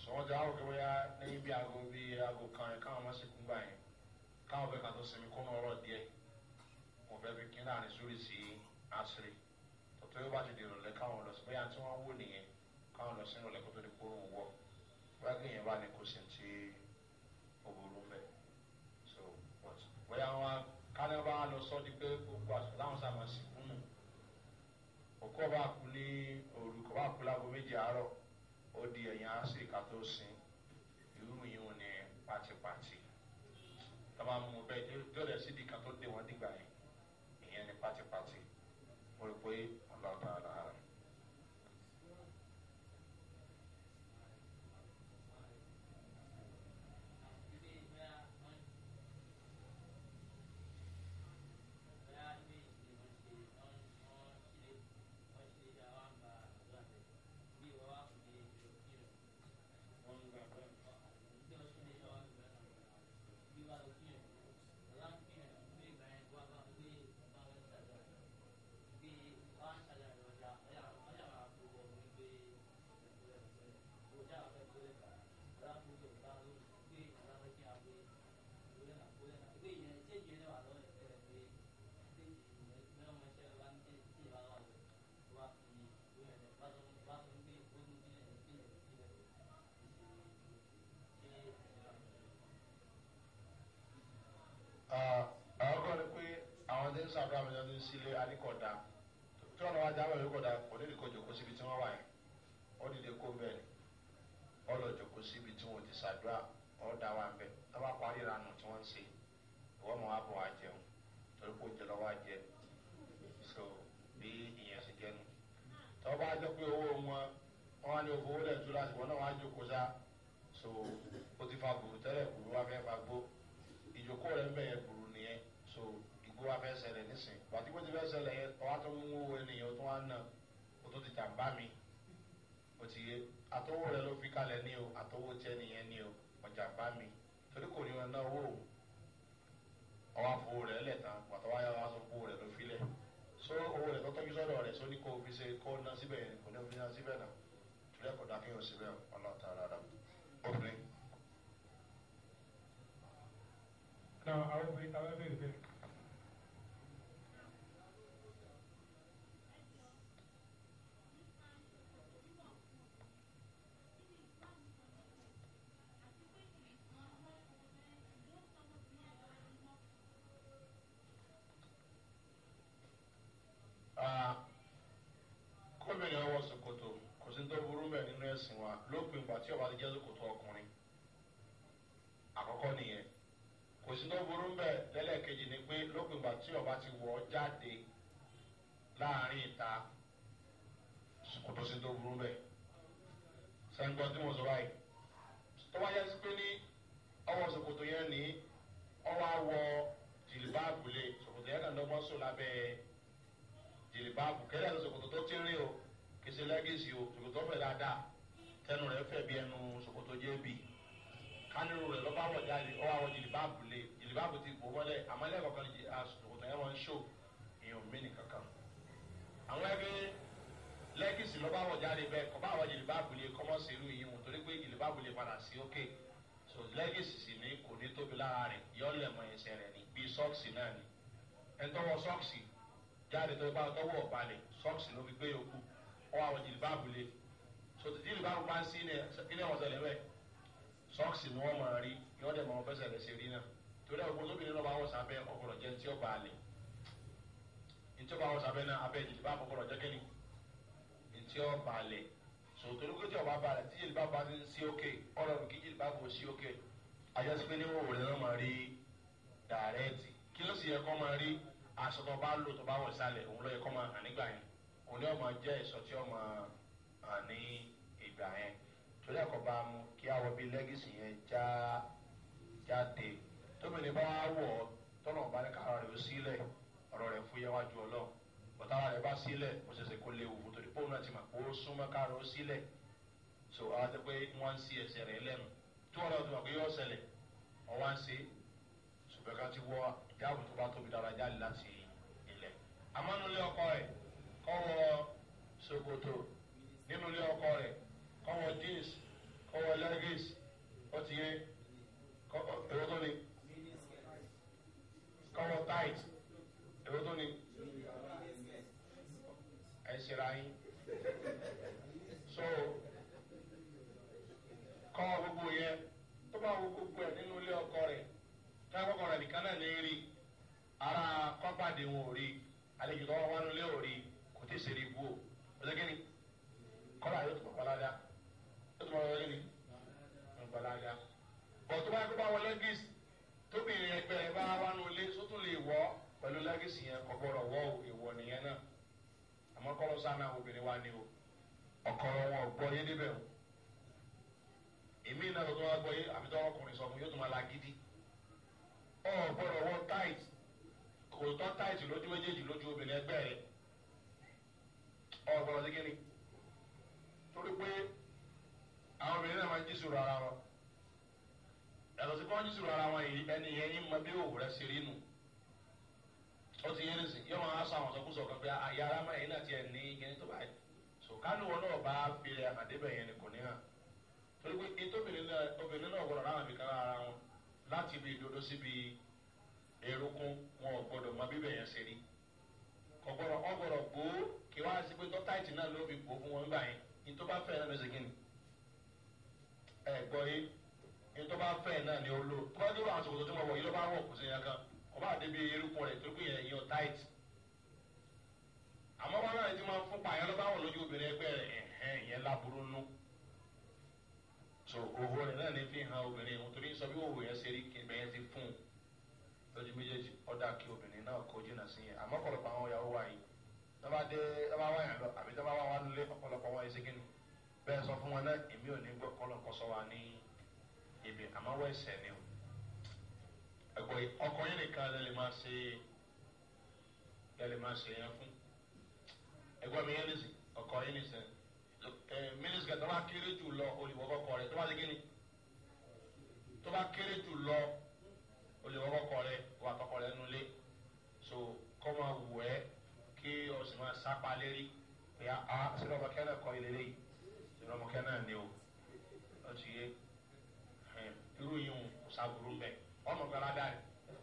sọ̀wọ́jà àwọn òkè bóyá lẹ́yìn bí aago bí aago kan yẹn káwọn má sìnkú gbà yẹn káwọn fẹ́ ká tó sinmi kó mọ ọ̀rọ̀ díẹ̀ mo fẹ́ fi kí láàrin sórí sí àṣírí tọ́tọ́ yóò bá ti dèrò lẹ́ káwọn lọ sí bóyá tí wọ́n wò nìyẹn káwọn lọ sí ìrọ̀lẹ́ tó di kóró wọ̀ báàgì yẹn wà ní kò sí ti òwúrò mẹ so but bóyá wọn kánábà lọ sọ di pé gbogbo àṣọ láwọn sàmọ sí kúnnù òkú ọba kú ní òru kọba kú láago méjì àárọ ó di ẹyìn àásì ká tó sin irú yìí ní pátipáti tọ́ba mú bẹ́ẹ̀ jọ́dẹ̀ sídìí kan tó dé wọn dìgbà yẹn ìyẹn ní pátipáti mo rò pé ọlọ́ọ̀tà àlàá. ń sílé aníkọ̀dá tí wọn lọ wá dáwọ́ ìrúkọ̀dá kò ní ìdíkọ̀ jòkó síbi tí wọ́n wà yẹn wọ́n dìde kó bẹ́ẹ̀ ni wọ́n lọ jòkó síbi tí wọ́n ti ṣàdúrà wọ́n dá wa bẹ́ẹ̀ wọ́n bá parí ìranù tí wọ́n ń ṣe ìwọ́n mọ̀ wá bọ̀ wá jẹun torí kó jẹ lọ́wọ́ jẹ so bí ìyẹn ṣe jẹnu tọ́ bá jẹ́ pé owó wọn wọ́n á ní owó lẹ̀ tó láti wọ́n náà wá jòkó sá so ó ti fa gbòòrò tẹ́lẹ̀ gbòòrò wá fẹ́ fa gbó ìjòkó rẹ̀ ń bẹ̀yẹ nìyẹn so ìbò wa fẹ́ ṣẹlẹ̀ nísìn pàtí bó ti fẹ́ ṣẹlẹ̀ yẹn ọ̀wá tó ń o ènìyàn tó wá ń nà ó tó ti jàǹbá mi o ti yé àtọwọ́ rẹ ló fi kalẹ̀ ní o àtọwọ́ tiẹ̀ nìyẹn ní o ọjà bá mi torí kò ní wọn ná owó o ọwọ́ àfọwọ́ rẹ lẹ̀ tán pàtọ́ wá yá wá sọ owó rẹ ló filẹ̀ so owó rẹ tọ́tọ́ bí sọ́dọ̀ rẹ sóní kó o fi ṣe kó ná síbẹ̀ yẹn kò ní o fi ná síbẹ̀ náà torí ẹ̀kọ́ dá kí n yóò síbẹ̀ ọlọ́ta rárá obìnrin. náà àwọn obìnrin táwọn bèrè bèrè. tí ọba ti jẹ́ lókòtò ọkùnrin àkọ́kọ́ nìyẹn kò sí tó burú bẹ́ẹ̀ lẹ́lẹ́kejì ni pé lópin ìgbà tí ọba ti wọ̀ ọ́ jáde láàrin ìta kò tó sí tó burú bẹ́ẹ̀ sẹ́ńgbọ́n tí mo sọ báyìí tó bá yẹ sí pé ní ọwọ́ sòkòtò yẹn ní ọwọ́ awọ jìlìbáàbù lé sòkòtò yẹn kàn lọ́gbọ́n sùn lábẹ́ jìlìbáàbù kẹ́lẹ́ ní sòkòtò tó ti rí o kìsì lẹ́gìsì o sòkòtò fẹ́ dáadáa tẹnu rẹ fẹ bí ẹnu sokoto jẹbi kánírù rẹ lọ́ba wọ̀ jáde ọwọ́ àwọn jìlìbáàbù lé jìlìbáàbù ti bò wọlé àmọ́ ilé ẹ̀kọ́ kan jì sokoto ẹ̀ wọ́n ń ṣó èèyàn mìíní kankan. àwọn ẹgbẹ́ lẹ́kìsì lọ́ba wọ̀ jáde bẹ́ẹ̀ kọ́ bá jìlìbáàbù lé kọ́mọ́ irú yìí wọn torí pé jìlìbáàbù lé padà sí òkè so lẹ́gìsì sì ní kò ní tóbi lára rẹ̀ yọ́lẹ̀ mọ ẹsẹ̀ rẹ̀ ni bíi sọ́ọ̀sì náà ni ẹni tọ́wọ́ sọ́ọ̀sì jáde tó bá tọ́wọ́ ọ̀balẹ̀ sọ́ọ̀sì ló fi gbé yòókù ọ àwọn jìlìbáàbù lé so ti díìlì bá ń pa sí ilẹ̀ ilé ọ̀sẹ̀ lẹ́wẹ̀ sọ́ọ̀sì ni wọ́n máa rí yọ́n dẹ̀ máa fẹsẹ̀ lẹ́sẹ̀ rí náà torí ọgbọ́n lóbìnrin náà bá wọ̀ sábẹ́ ọkùnrin jẹ́ tí ó bá a lè ntí ó bá wọ̀ sábẹ́ náà abẹ́ ìdìbò àkọ́kọ́rọ̀ jẹ́ kẹ́lí ntí ó bá a lè so torí pé tí ọba bá a lè tí jìlì bá bá sí òkè ọ̀rọ̀ kí jìlì bá bò sí òkè àjọsí pé níwọ̀n òwúrẹ́ náà máa rí dàrẹ́ẹ̀tì kí ló sì yẹ kọ́ máa rí aṣọ tó bá ìgbà yẹn torí ẹ̀kọ́ bá mu kí awọ bíi lẹ́gìsì yẹn já jáde tóbìnrin bá wọ̀ ọ́ tọ́nà ọba ní kára rẹ̀ ó sílẹ̀ ọ̀rọ̀ rẹ̀ fún yẹwájú ọlọ́run bọ̀tara rẹ̀ bá sílẹ̀ ó ṣẹ̀ṣẹ̀ kó léwu fún torí pé òun náà ti mọ̀ pé ó súnmọ́ kára ó sílẹ̀ so àwọn àti pé wọ́n ń sí ẹsẹ̀ rẹ̀ lẹ́nu tí wọ́n náà ti mọ̀ pé yóò ṣẹlẹ̀ wọ́n wá ń ṣe ṣùgbọ́n ká ti wọ ìdáàbò tó bá tóbi dára jáde láti ilẹ̀ amánulẹ̀ ọkọ rẹ̀ kọ́wọ́ sokoto nínú ilé ọkọ rẹ̀ kọ́wọ́ jeans kọ́wọ́ leggings ó ti yẹ èrò tó ni kọ́wọ́ tight èrò tó ni ẹ̀ ń ṣera yín so kọ́wọ́ gbogbo yẹn tó bá wo gbogbo ẹ̀ nínú ilé ọkọ rẹ̀ tó yẹ kọ́kọ́ rẹ̀ nìkan náà ní rí ara kọ́pàdé wọn ò rí àlejò tó wá wá nù. kọ́lọ́ sáà àwọn obìnrin wa ni o ọ̀kọ́rọ̀ wọn gbọ́ yé níbẹ̀ o èmi náà lọ́dún wa gbọ́ yé àbí tọ́wọ́ ọkùnrin sọ fún yóò tún máa la gidi ọ̀ gbọ́dọ̀ wọ táìtì kò tọ́ táìtì lójú méjèèjì lójú obìnrin ẹgbẹ́ rẹ ọ̀ gbọ́dọ̀ sí kíni torí pé àwọn obìnrin náà máa ń jí sùúrù ara wọn yàtọ̀ sí kí wọ́n jí sùúrù ara wọn yìí ẹni yẹn yín mọ bí òwúrẹ́ ṣe rí nù ó ti yé ní sìn yóò sọ àwọn sọkúsọ kan pé àyà ara máa yín náà tiẹ̀ ní kíní tó báyìí so kánúwọ náà bá fèrè àdébẹ̀ yẹn ni kò ní hàn torí pé ètò obìnrin náà gbọdọ̀ láwọn ibìkan ara wọn láti ibi ìdodo síbi erukun wọn ò gbọdọ̀ mọ bíbẹ̀ yẹn ṣe rí kò gbọdọ̀ wọn gbọdọ̀ gbó kí wọ́n á sí pé tó táìtì náà ló fi gbó fún wọn gbà yẹn ní tó bá fẹ́ náà ló ṣe kíni ẹ̀ gbọ́ yé ní tó bá fẹ́ náà ni ó lò tó bá dúró àwọn sòkòtò tó mọ̀ wọ̀ yìí ló kọ́ba àdébí erúkọ rẹ̀ tó gbìyànjú yíyan táìtì àmọ́ wọn náà ti máa fún pààyàn ló bá wọn lójú obìnrin ẹgbẹ́ rẹ̀ ẹ̀hẹ́n ìyẹn láburú nú so òhò rẹ̀ náà ní fi hàn obìnrin ìhun torí sọ bí òhò yẹn ṣe rí kí bẹ́ẹ̀ ti fún un lójú méjèèjì ọ̀dà kí obìnrin náà kó jìnnà sí yẹn àmọ́ ọ̀pọ̀lọpọ̀ àwọn ìyàwó wa yìí tọ́ba dé tọ́ba wá yàn lọ àbí tọ́ba wá wá nílé ọ̀pọ̀lọpọ̀ wọn ẹsẹ̀ kínú bẹ́ẹ̀ sọ fún wọn náà èmi ò ní gbọ́ kọ́lọ́kọ́sọ wa ní ibi àmọ́ wẹ́sẹ̀ ni o ẹ̀kọ́ ọkùnrin nìkan lẹ́lẹ̀ máa ṣe lẹ́lẹ̀ máa ṣe yẹn fún ẹ̀gbọ́n mi yẹn ní sìn ọkùnrin ní sìn ẹ̀ mínísítà tó bá kéré jù lọ olùwọ́kọ̀kọ̀ rẹ̀ tó bá ṣe kí ni tó bá kéré jù lọ olùwọ́kọ̀kọ̀ rẹ̀ wà kọ̀kọ̀ rẹ̀ nulẹ̀ so kọ́ máa wù ẹ́ kí ọ̀sìn máa sápa lérí pé a ah, sínú ah, ọmọ náà kọ́ ilé lẹ́yìn sínú ọmọ náà ni o ọtí yé irú yìí ń kò bẹ́ẹ̀ ọmọ gbalada rẹ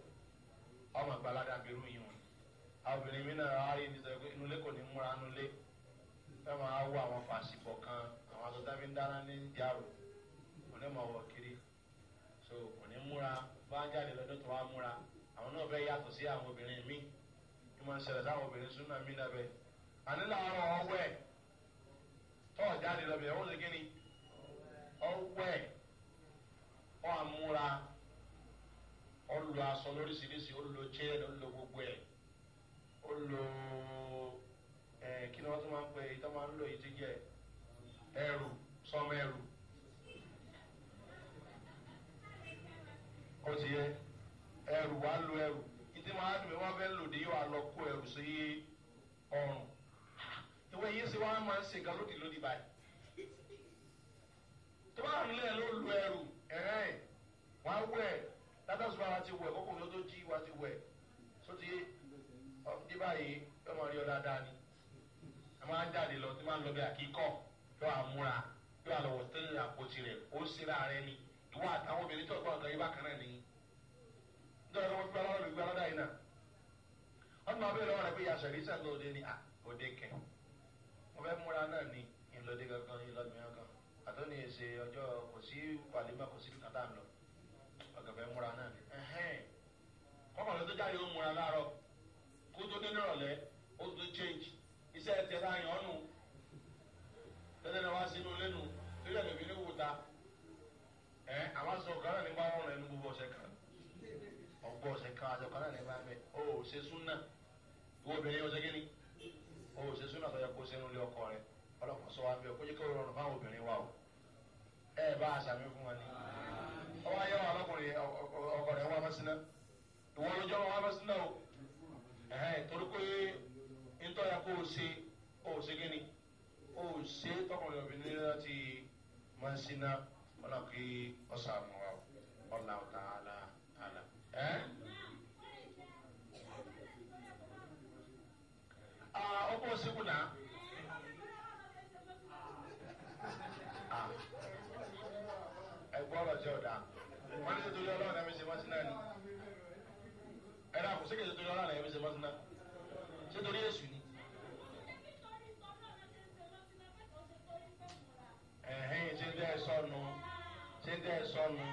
ọmọ gbalada bẹ̀rù yìí wọn obìnrin mi náà ráyè ní pé inú lẹ́kọ̀ọ́ ní múra nulẹ̀ ẹ máa wọ àwọn fàṣìpọ̀ kan àwọn aṣọ tábí ń dáná ní járò kò ní máa wọ̀ kiri so kò ní múra bá ń jáde lọ́dún tó wá múra àwọn náà bẹ́ yàtọ̀ sí àwọn obìnrin mi tí wọ́n ṣẹlẹ̀ sáwọn obìnrin súnà mí lábẹ́ àní làwọn ọwọ́ ẹ̀ tọ́ jáde lọ́bẹ̀ ọ̀hún ṣe kí ni ọwọ́ ẹ̀ ọ̀ àmúra ó lo aṣọ lóríṣiríṣi ó lo chair ó lo gbogbo ẹ̀ ó lo kí ni wọ́n tún máa ń pè é tó máa ń lò yìí ti jẹ́ ẹrù sọmọ ẹrù ó ti yẹ ẹrù wá lo ìdí máa dùn mí wọ́n fẹ́ lò dé yóò wá lọ kó ẹrù sí ọrùn ìwé yìí sì wá máa ń ṣe gan lódì báyìí tó bá ń lé ló lu ẹrù ẹ̀rẹ́ wọ́n á wẹ̀ látàsùn bá wa ti wẹ̀ kọkùnrin ó tó jí wa ti wẹ̀ sóti ọdí báyìí ọmọ rí ọ dáadáa ni a máa ń jáde lọ tí máa ń lọ bí àkíkọ́ yóò àmúra yóò àlọ́wọ́ tẹ́lẹ̀ àpótí rẹ̀ ó ń ṣeré ààrẹ ni ìwọ àtàwọn obìnrin tó gbọ́ ọ̀gá yìí bákan náà nìyí nítorí wọn fi ọlọ́run gbé ọlọ́dà yìí náà wọn máa bẹ̀rẹ̀ lọ́wọ́ rẹ̀ pé yasọ̀ rí sẹ́ńtò ni òde kẹ̀ wọ́n fẹ́ múra náà ni ìlọdẹ gangan ìlọdẹ gangan àtọ́ni èsè ọjọ́ kò sí pàlímà kò sí kàtà ń lọ fẹ́ múra náà ni kọ́kànlẹ́ tó jáde ó múra láàárọ̀ kó tó dé nírọ̀lẹ́ ó tó change iṣẹ́ tẹ láàyàn ọ̀nù tẹ́tẹ́ náà wá sínú lẹ́nu lórí ẹ̀mí ní wùta ẹ̀ àwọn aṣọ ọ̀gá náà ní bá wọn rẹ̀ ní gbogbo ọ̀sẹ̀ kan ọgbọ́ ọ̀sẹ̀ kan aṣọ ọ̀gá náà ní bá bẹ̀ ó ṣe súnà ìwọ obìnrin ọ̀sẹ̀ kí ni ó ṣe súnà tó yẹ kó sínú ilé ọkọ rẹ ọlọ́pàá sọ wá bẹ́ẹ̀ kó jẹ́ kó rọrùn fáwọn obìnrin wa o ẹ bá àṣà fún wa ni ọwọ́ ayé wọn arákùnrin ọkọ rẹ̀ wọn amásínà ìwọ ló jọ wọn amásínà o ẹ̀hẹ́n torí pé ntọ́ ya kó o ṣe o ṣe kí ni o ṣe tọkùnrin obìnrin láti masina ọ̀nà kí ọ̀sà mọ̀ wa ọ̀nà ọ̀tá àlà àlà ẹ̀. Ah, ọkọ̀ ṣẹ́kù náà. kìí ṣe torí ọlọ́run ẹ̀mí ṣe fọ́sùnà ṣé torí èṣù ni. ẹ̀hìn ṣe dẹ́ sọnù ṣe dẹ́ sọnù.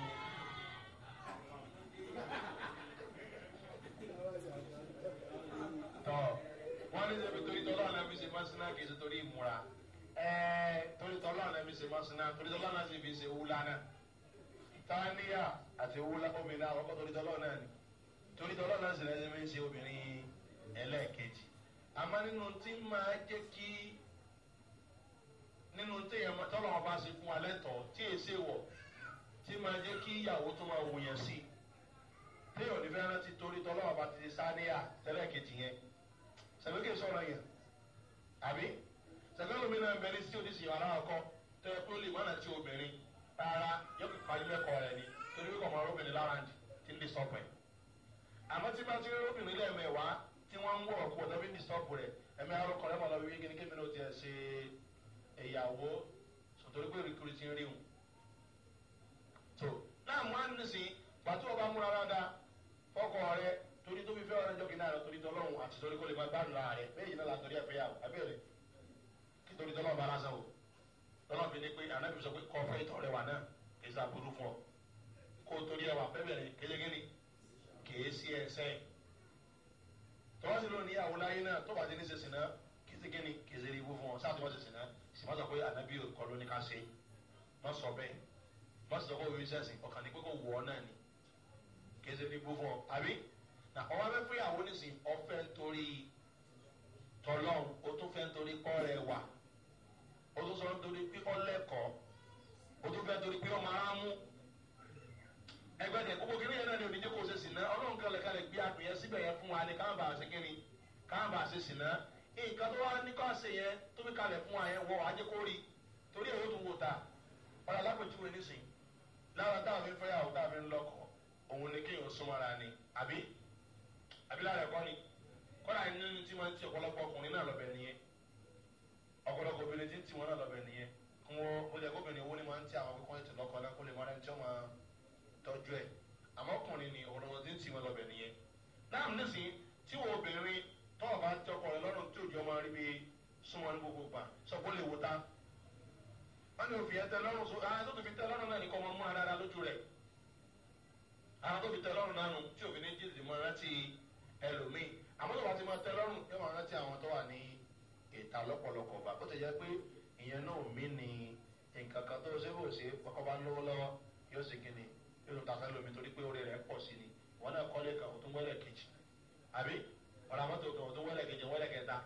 tọ́ wọ́n ní ṣebí torí tọ́lọ́run ẹ̀mí ṣe fọ́sùnà kìí ṣe torí ìmúra torí tọ́lọ́run ẹ̀mí ṣe fọ́sùnà torí tọ́lọ́run ẹ̀mí ṣe wúlá náà. táníyà àti wúlá omi náà wọ́n kọ́ torí tọ́lọ́run náà ni torí tọ́lọ́ náà sì lẹ́sẹ̀ ń ṣe obìnrin ẹlẹ́ẹ̀kejì àmọ́ nínú tí máa jẹ́ kí nínú téèyàn tọ́lọ́ wọn bá ṣe fún wa lẹ́tọ̀ọ́ tí èsè wọ̀ tí máa jẹ́ kí ìyàwó tó máa wù yẹn sí téèyàn ní fẹ́ràn ti torí tọ́lọ́ wọn bá ti sáníyà tẹ́lẹ̀kejì yẹn sàgbékè sọ̀rọ̀ yẹn àbí sàgbékè mi náà bẹ̀rẹ̀ sí oníṣìí ara ọkọ tẹ́ pé ó lè wọ́n àti obìnrin rárá yóò kí parí lẹ́kọ̀ọ́ rẹ̀ ni torí wíkọ̀ ọmọ ọlọ́bìnrin lára ti ń lè sọ pẹ̀lú àmọ́ tí bá ti rí obìnrin lẹ́ẹ̀mẹ̀wàá tí wọ́n ń wọ̀ ọ̀kú ọ̀dọ́ bí disturb rẹ̀ ẹ̀mí arúkọ rẹ̀ mọ̀ lọ wíwí kíni kémi náà ti ẹ̀ ṣe ìyàwó sòtòrí pé recruiting rí wọn. tó náà mú àníṣe gbàtú ọba múra dáadáa fọkọ rẹ torí tó fi fẹ́ ọ̀rẹ́ jọ́kì náà torí tọ́lọ́hún àti torí kó lè má gbádùn ara rẹ̀ bẹ́ẹ̀ yìí náà látọ̀rí ẹ̀fẹ́ yà abẹ́rẹ́ kí torí o tọ́lọ́hún fi ní pé ànábì sọ pé kọ́ fẹ́ ìtọ̀ rẹ̀ wà náà kì í sàbúrú fún ọ kó torí ẹwà bẹ́ẹ̀ kìí sí ẹsẹ̀ tọ́wọ́ sí lónìí àwọn láyé náà tó bá ti ní sèṣìn náà kìí sí kíni kìí sí ibú fún ọ sáà tó bá sèṣìn náà sì má sọ pé ànábì kọ́ ló ní ká ṣe má sọ bẹ́ẹ̀ má sọ pé òwe sẹ́sìn ọ̀kan ní pé kò wọ̀ ọ́ náà ni kìí sí ibú fún ọ àbí nà ọwọ́ fẹ́ fún ìyàwó nísìn ọ̀fẹ́ nítorí tọ́lọ́hún ó tún fẹ́ nítorí kọ́ rẹ̀ wà ó tún sọ nítorí pé ọlẹ́kọ̀ọ́ ó tún fẹ́ nítorí pé ọmọ aráàmú ẹgbẹ́ sìnà ọlọ́run kan lẹ́ka lè gbé àpèyẹ síbẹ̀ yẹn fún wa ni káwọn bá ṣe kí ni káwọn bá ṣe sìnà nǹkan tó wá ní kó àṣe yẹn tó fi kalẹ̀ wa yẹn wọ ajé kó rí torí èyí ó tún wò ta ọ̀rọ̀ alápèjúwe nísìn lára táwọn fi ń fẹ́yàwó táwọn fi ń òun ni kéèyàn súnmọ́ra ni àbí àbí lára ẹ̀kọ́ ni kọ́ra nínú tí wọ́n ti ọ̀pọ̀lọpọ̀ ọkùnrin náà lọ́bẹ̀ nìyẹn ọ̀pọ̀lọpọ̀ obìnrin tí ń tì wọ́n náà lọ́bẹ̀ nìyẹn kí wọ́n ó jẹ́ kóbìnrin owó ni máa ń tì àwọn akẹ́kọ̀ọ́ ètò lọ́kọ̀ọ́ náà kó lè máa rẹ́ ń tí wọ́n máa tọ́jú ẹ̀ àmọ́ ọkùnrin ni ọ̀rọ̀ wọn ti ń tì wọn lọ́bẹ̀ nìyẹn náà nísìnyí tí wọn obìnrin tó ọba tọkọ rẹ lọ́rùn tí òjò máa rí bí súnmọ́ ní gbogbo gbà sọ lè wò ta wọn ni òfin ẹtẹ lọ́rùn so ara tó ti fi tẹ lọ́rùn náà ní kọ́ máa mú ara rà lójú rẹ̀ ara tó fi tẹ lọ́rùn náà nù tí òfin ní jíjì mọ́ rántí ẹlòmíì àmọ́ tó bá ti máa tẹ lọ́rùn yóò máa rántí àwọn tó wà ní ìta lọ́pọ̀lọpọ̀ bá bó ti jẹ́ pé ìyẹn náà mí ni nǹkan kan tó ṣe bò ṣe kọ́kọ́ bá lówó yóò ṣe kí ló ta fẹ́ lómi torí pé orí rẹ̀ pọ̀ sí ni wọn náà kọ́lé kan òtún wẹ́lẹ̀ kejì àbí ọ̀rọ̀ àmọ́tò kan òtún wẹ́lẹ̀ kejì wẹ́lẹ̀ kẹta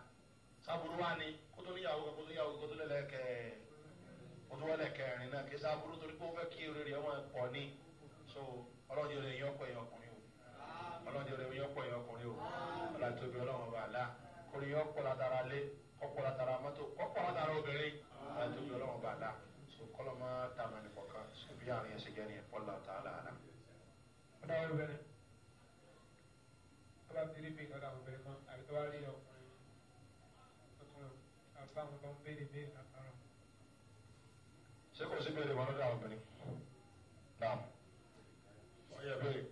sábúrú wa ni kó tó níyàwó kan kó tó yàwó kó tó lẹ́lẹ̀ kẹ kó tó wẹ́lẹ̀ kẹrin náà kí sábúrú torí pé ó fẹ́ kí orí rẹ̀ wọn pọ̀ ni so ọlọ́dẹ rẹ̀ yín ọkọ̀ yín ọkùnrin o ọlọ́dẹ rẹ̀ yín ọkọ̀ yín ọkùnrin o ọlá tóbi ọlọ́run ọba àlá kórè yín ọkọ̀ látara lé ọkọ̀ látara mọ́tò ọkọ̀ látara obìnrin ọlá tóbi ọlọ́run ọba àlá so kọ́lọ́ máa tà mẹ́rin bí àwọn yẹn ṣe jẹ́ nìyẹn fọ́lá ọ̀tá àlàálà. ọ̀dà àwọn obìnrin tó bá ti rí bí nǹkan àwọn obìnrin kan àbí tó bá rí ọkùnrin tuntun àbá àwọn kan béèrè béèrè àtàrà. ṣé kò sí béèrè wọn lọ́dọ̀ àwọn obìnrin? náà wọ́n yẹ béèrè.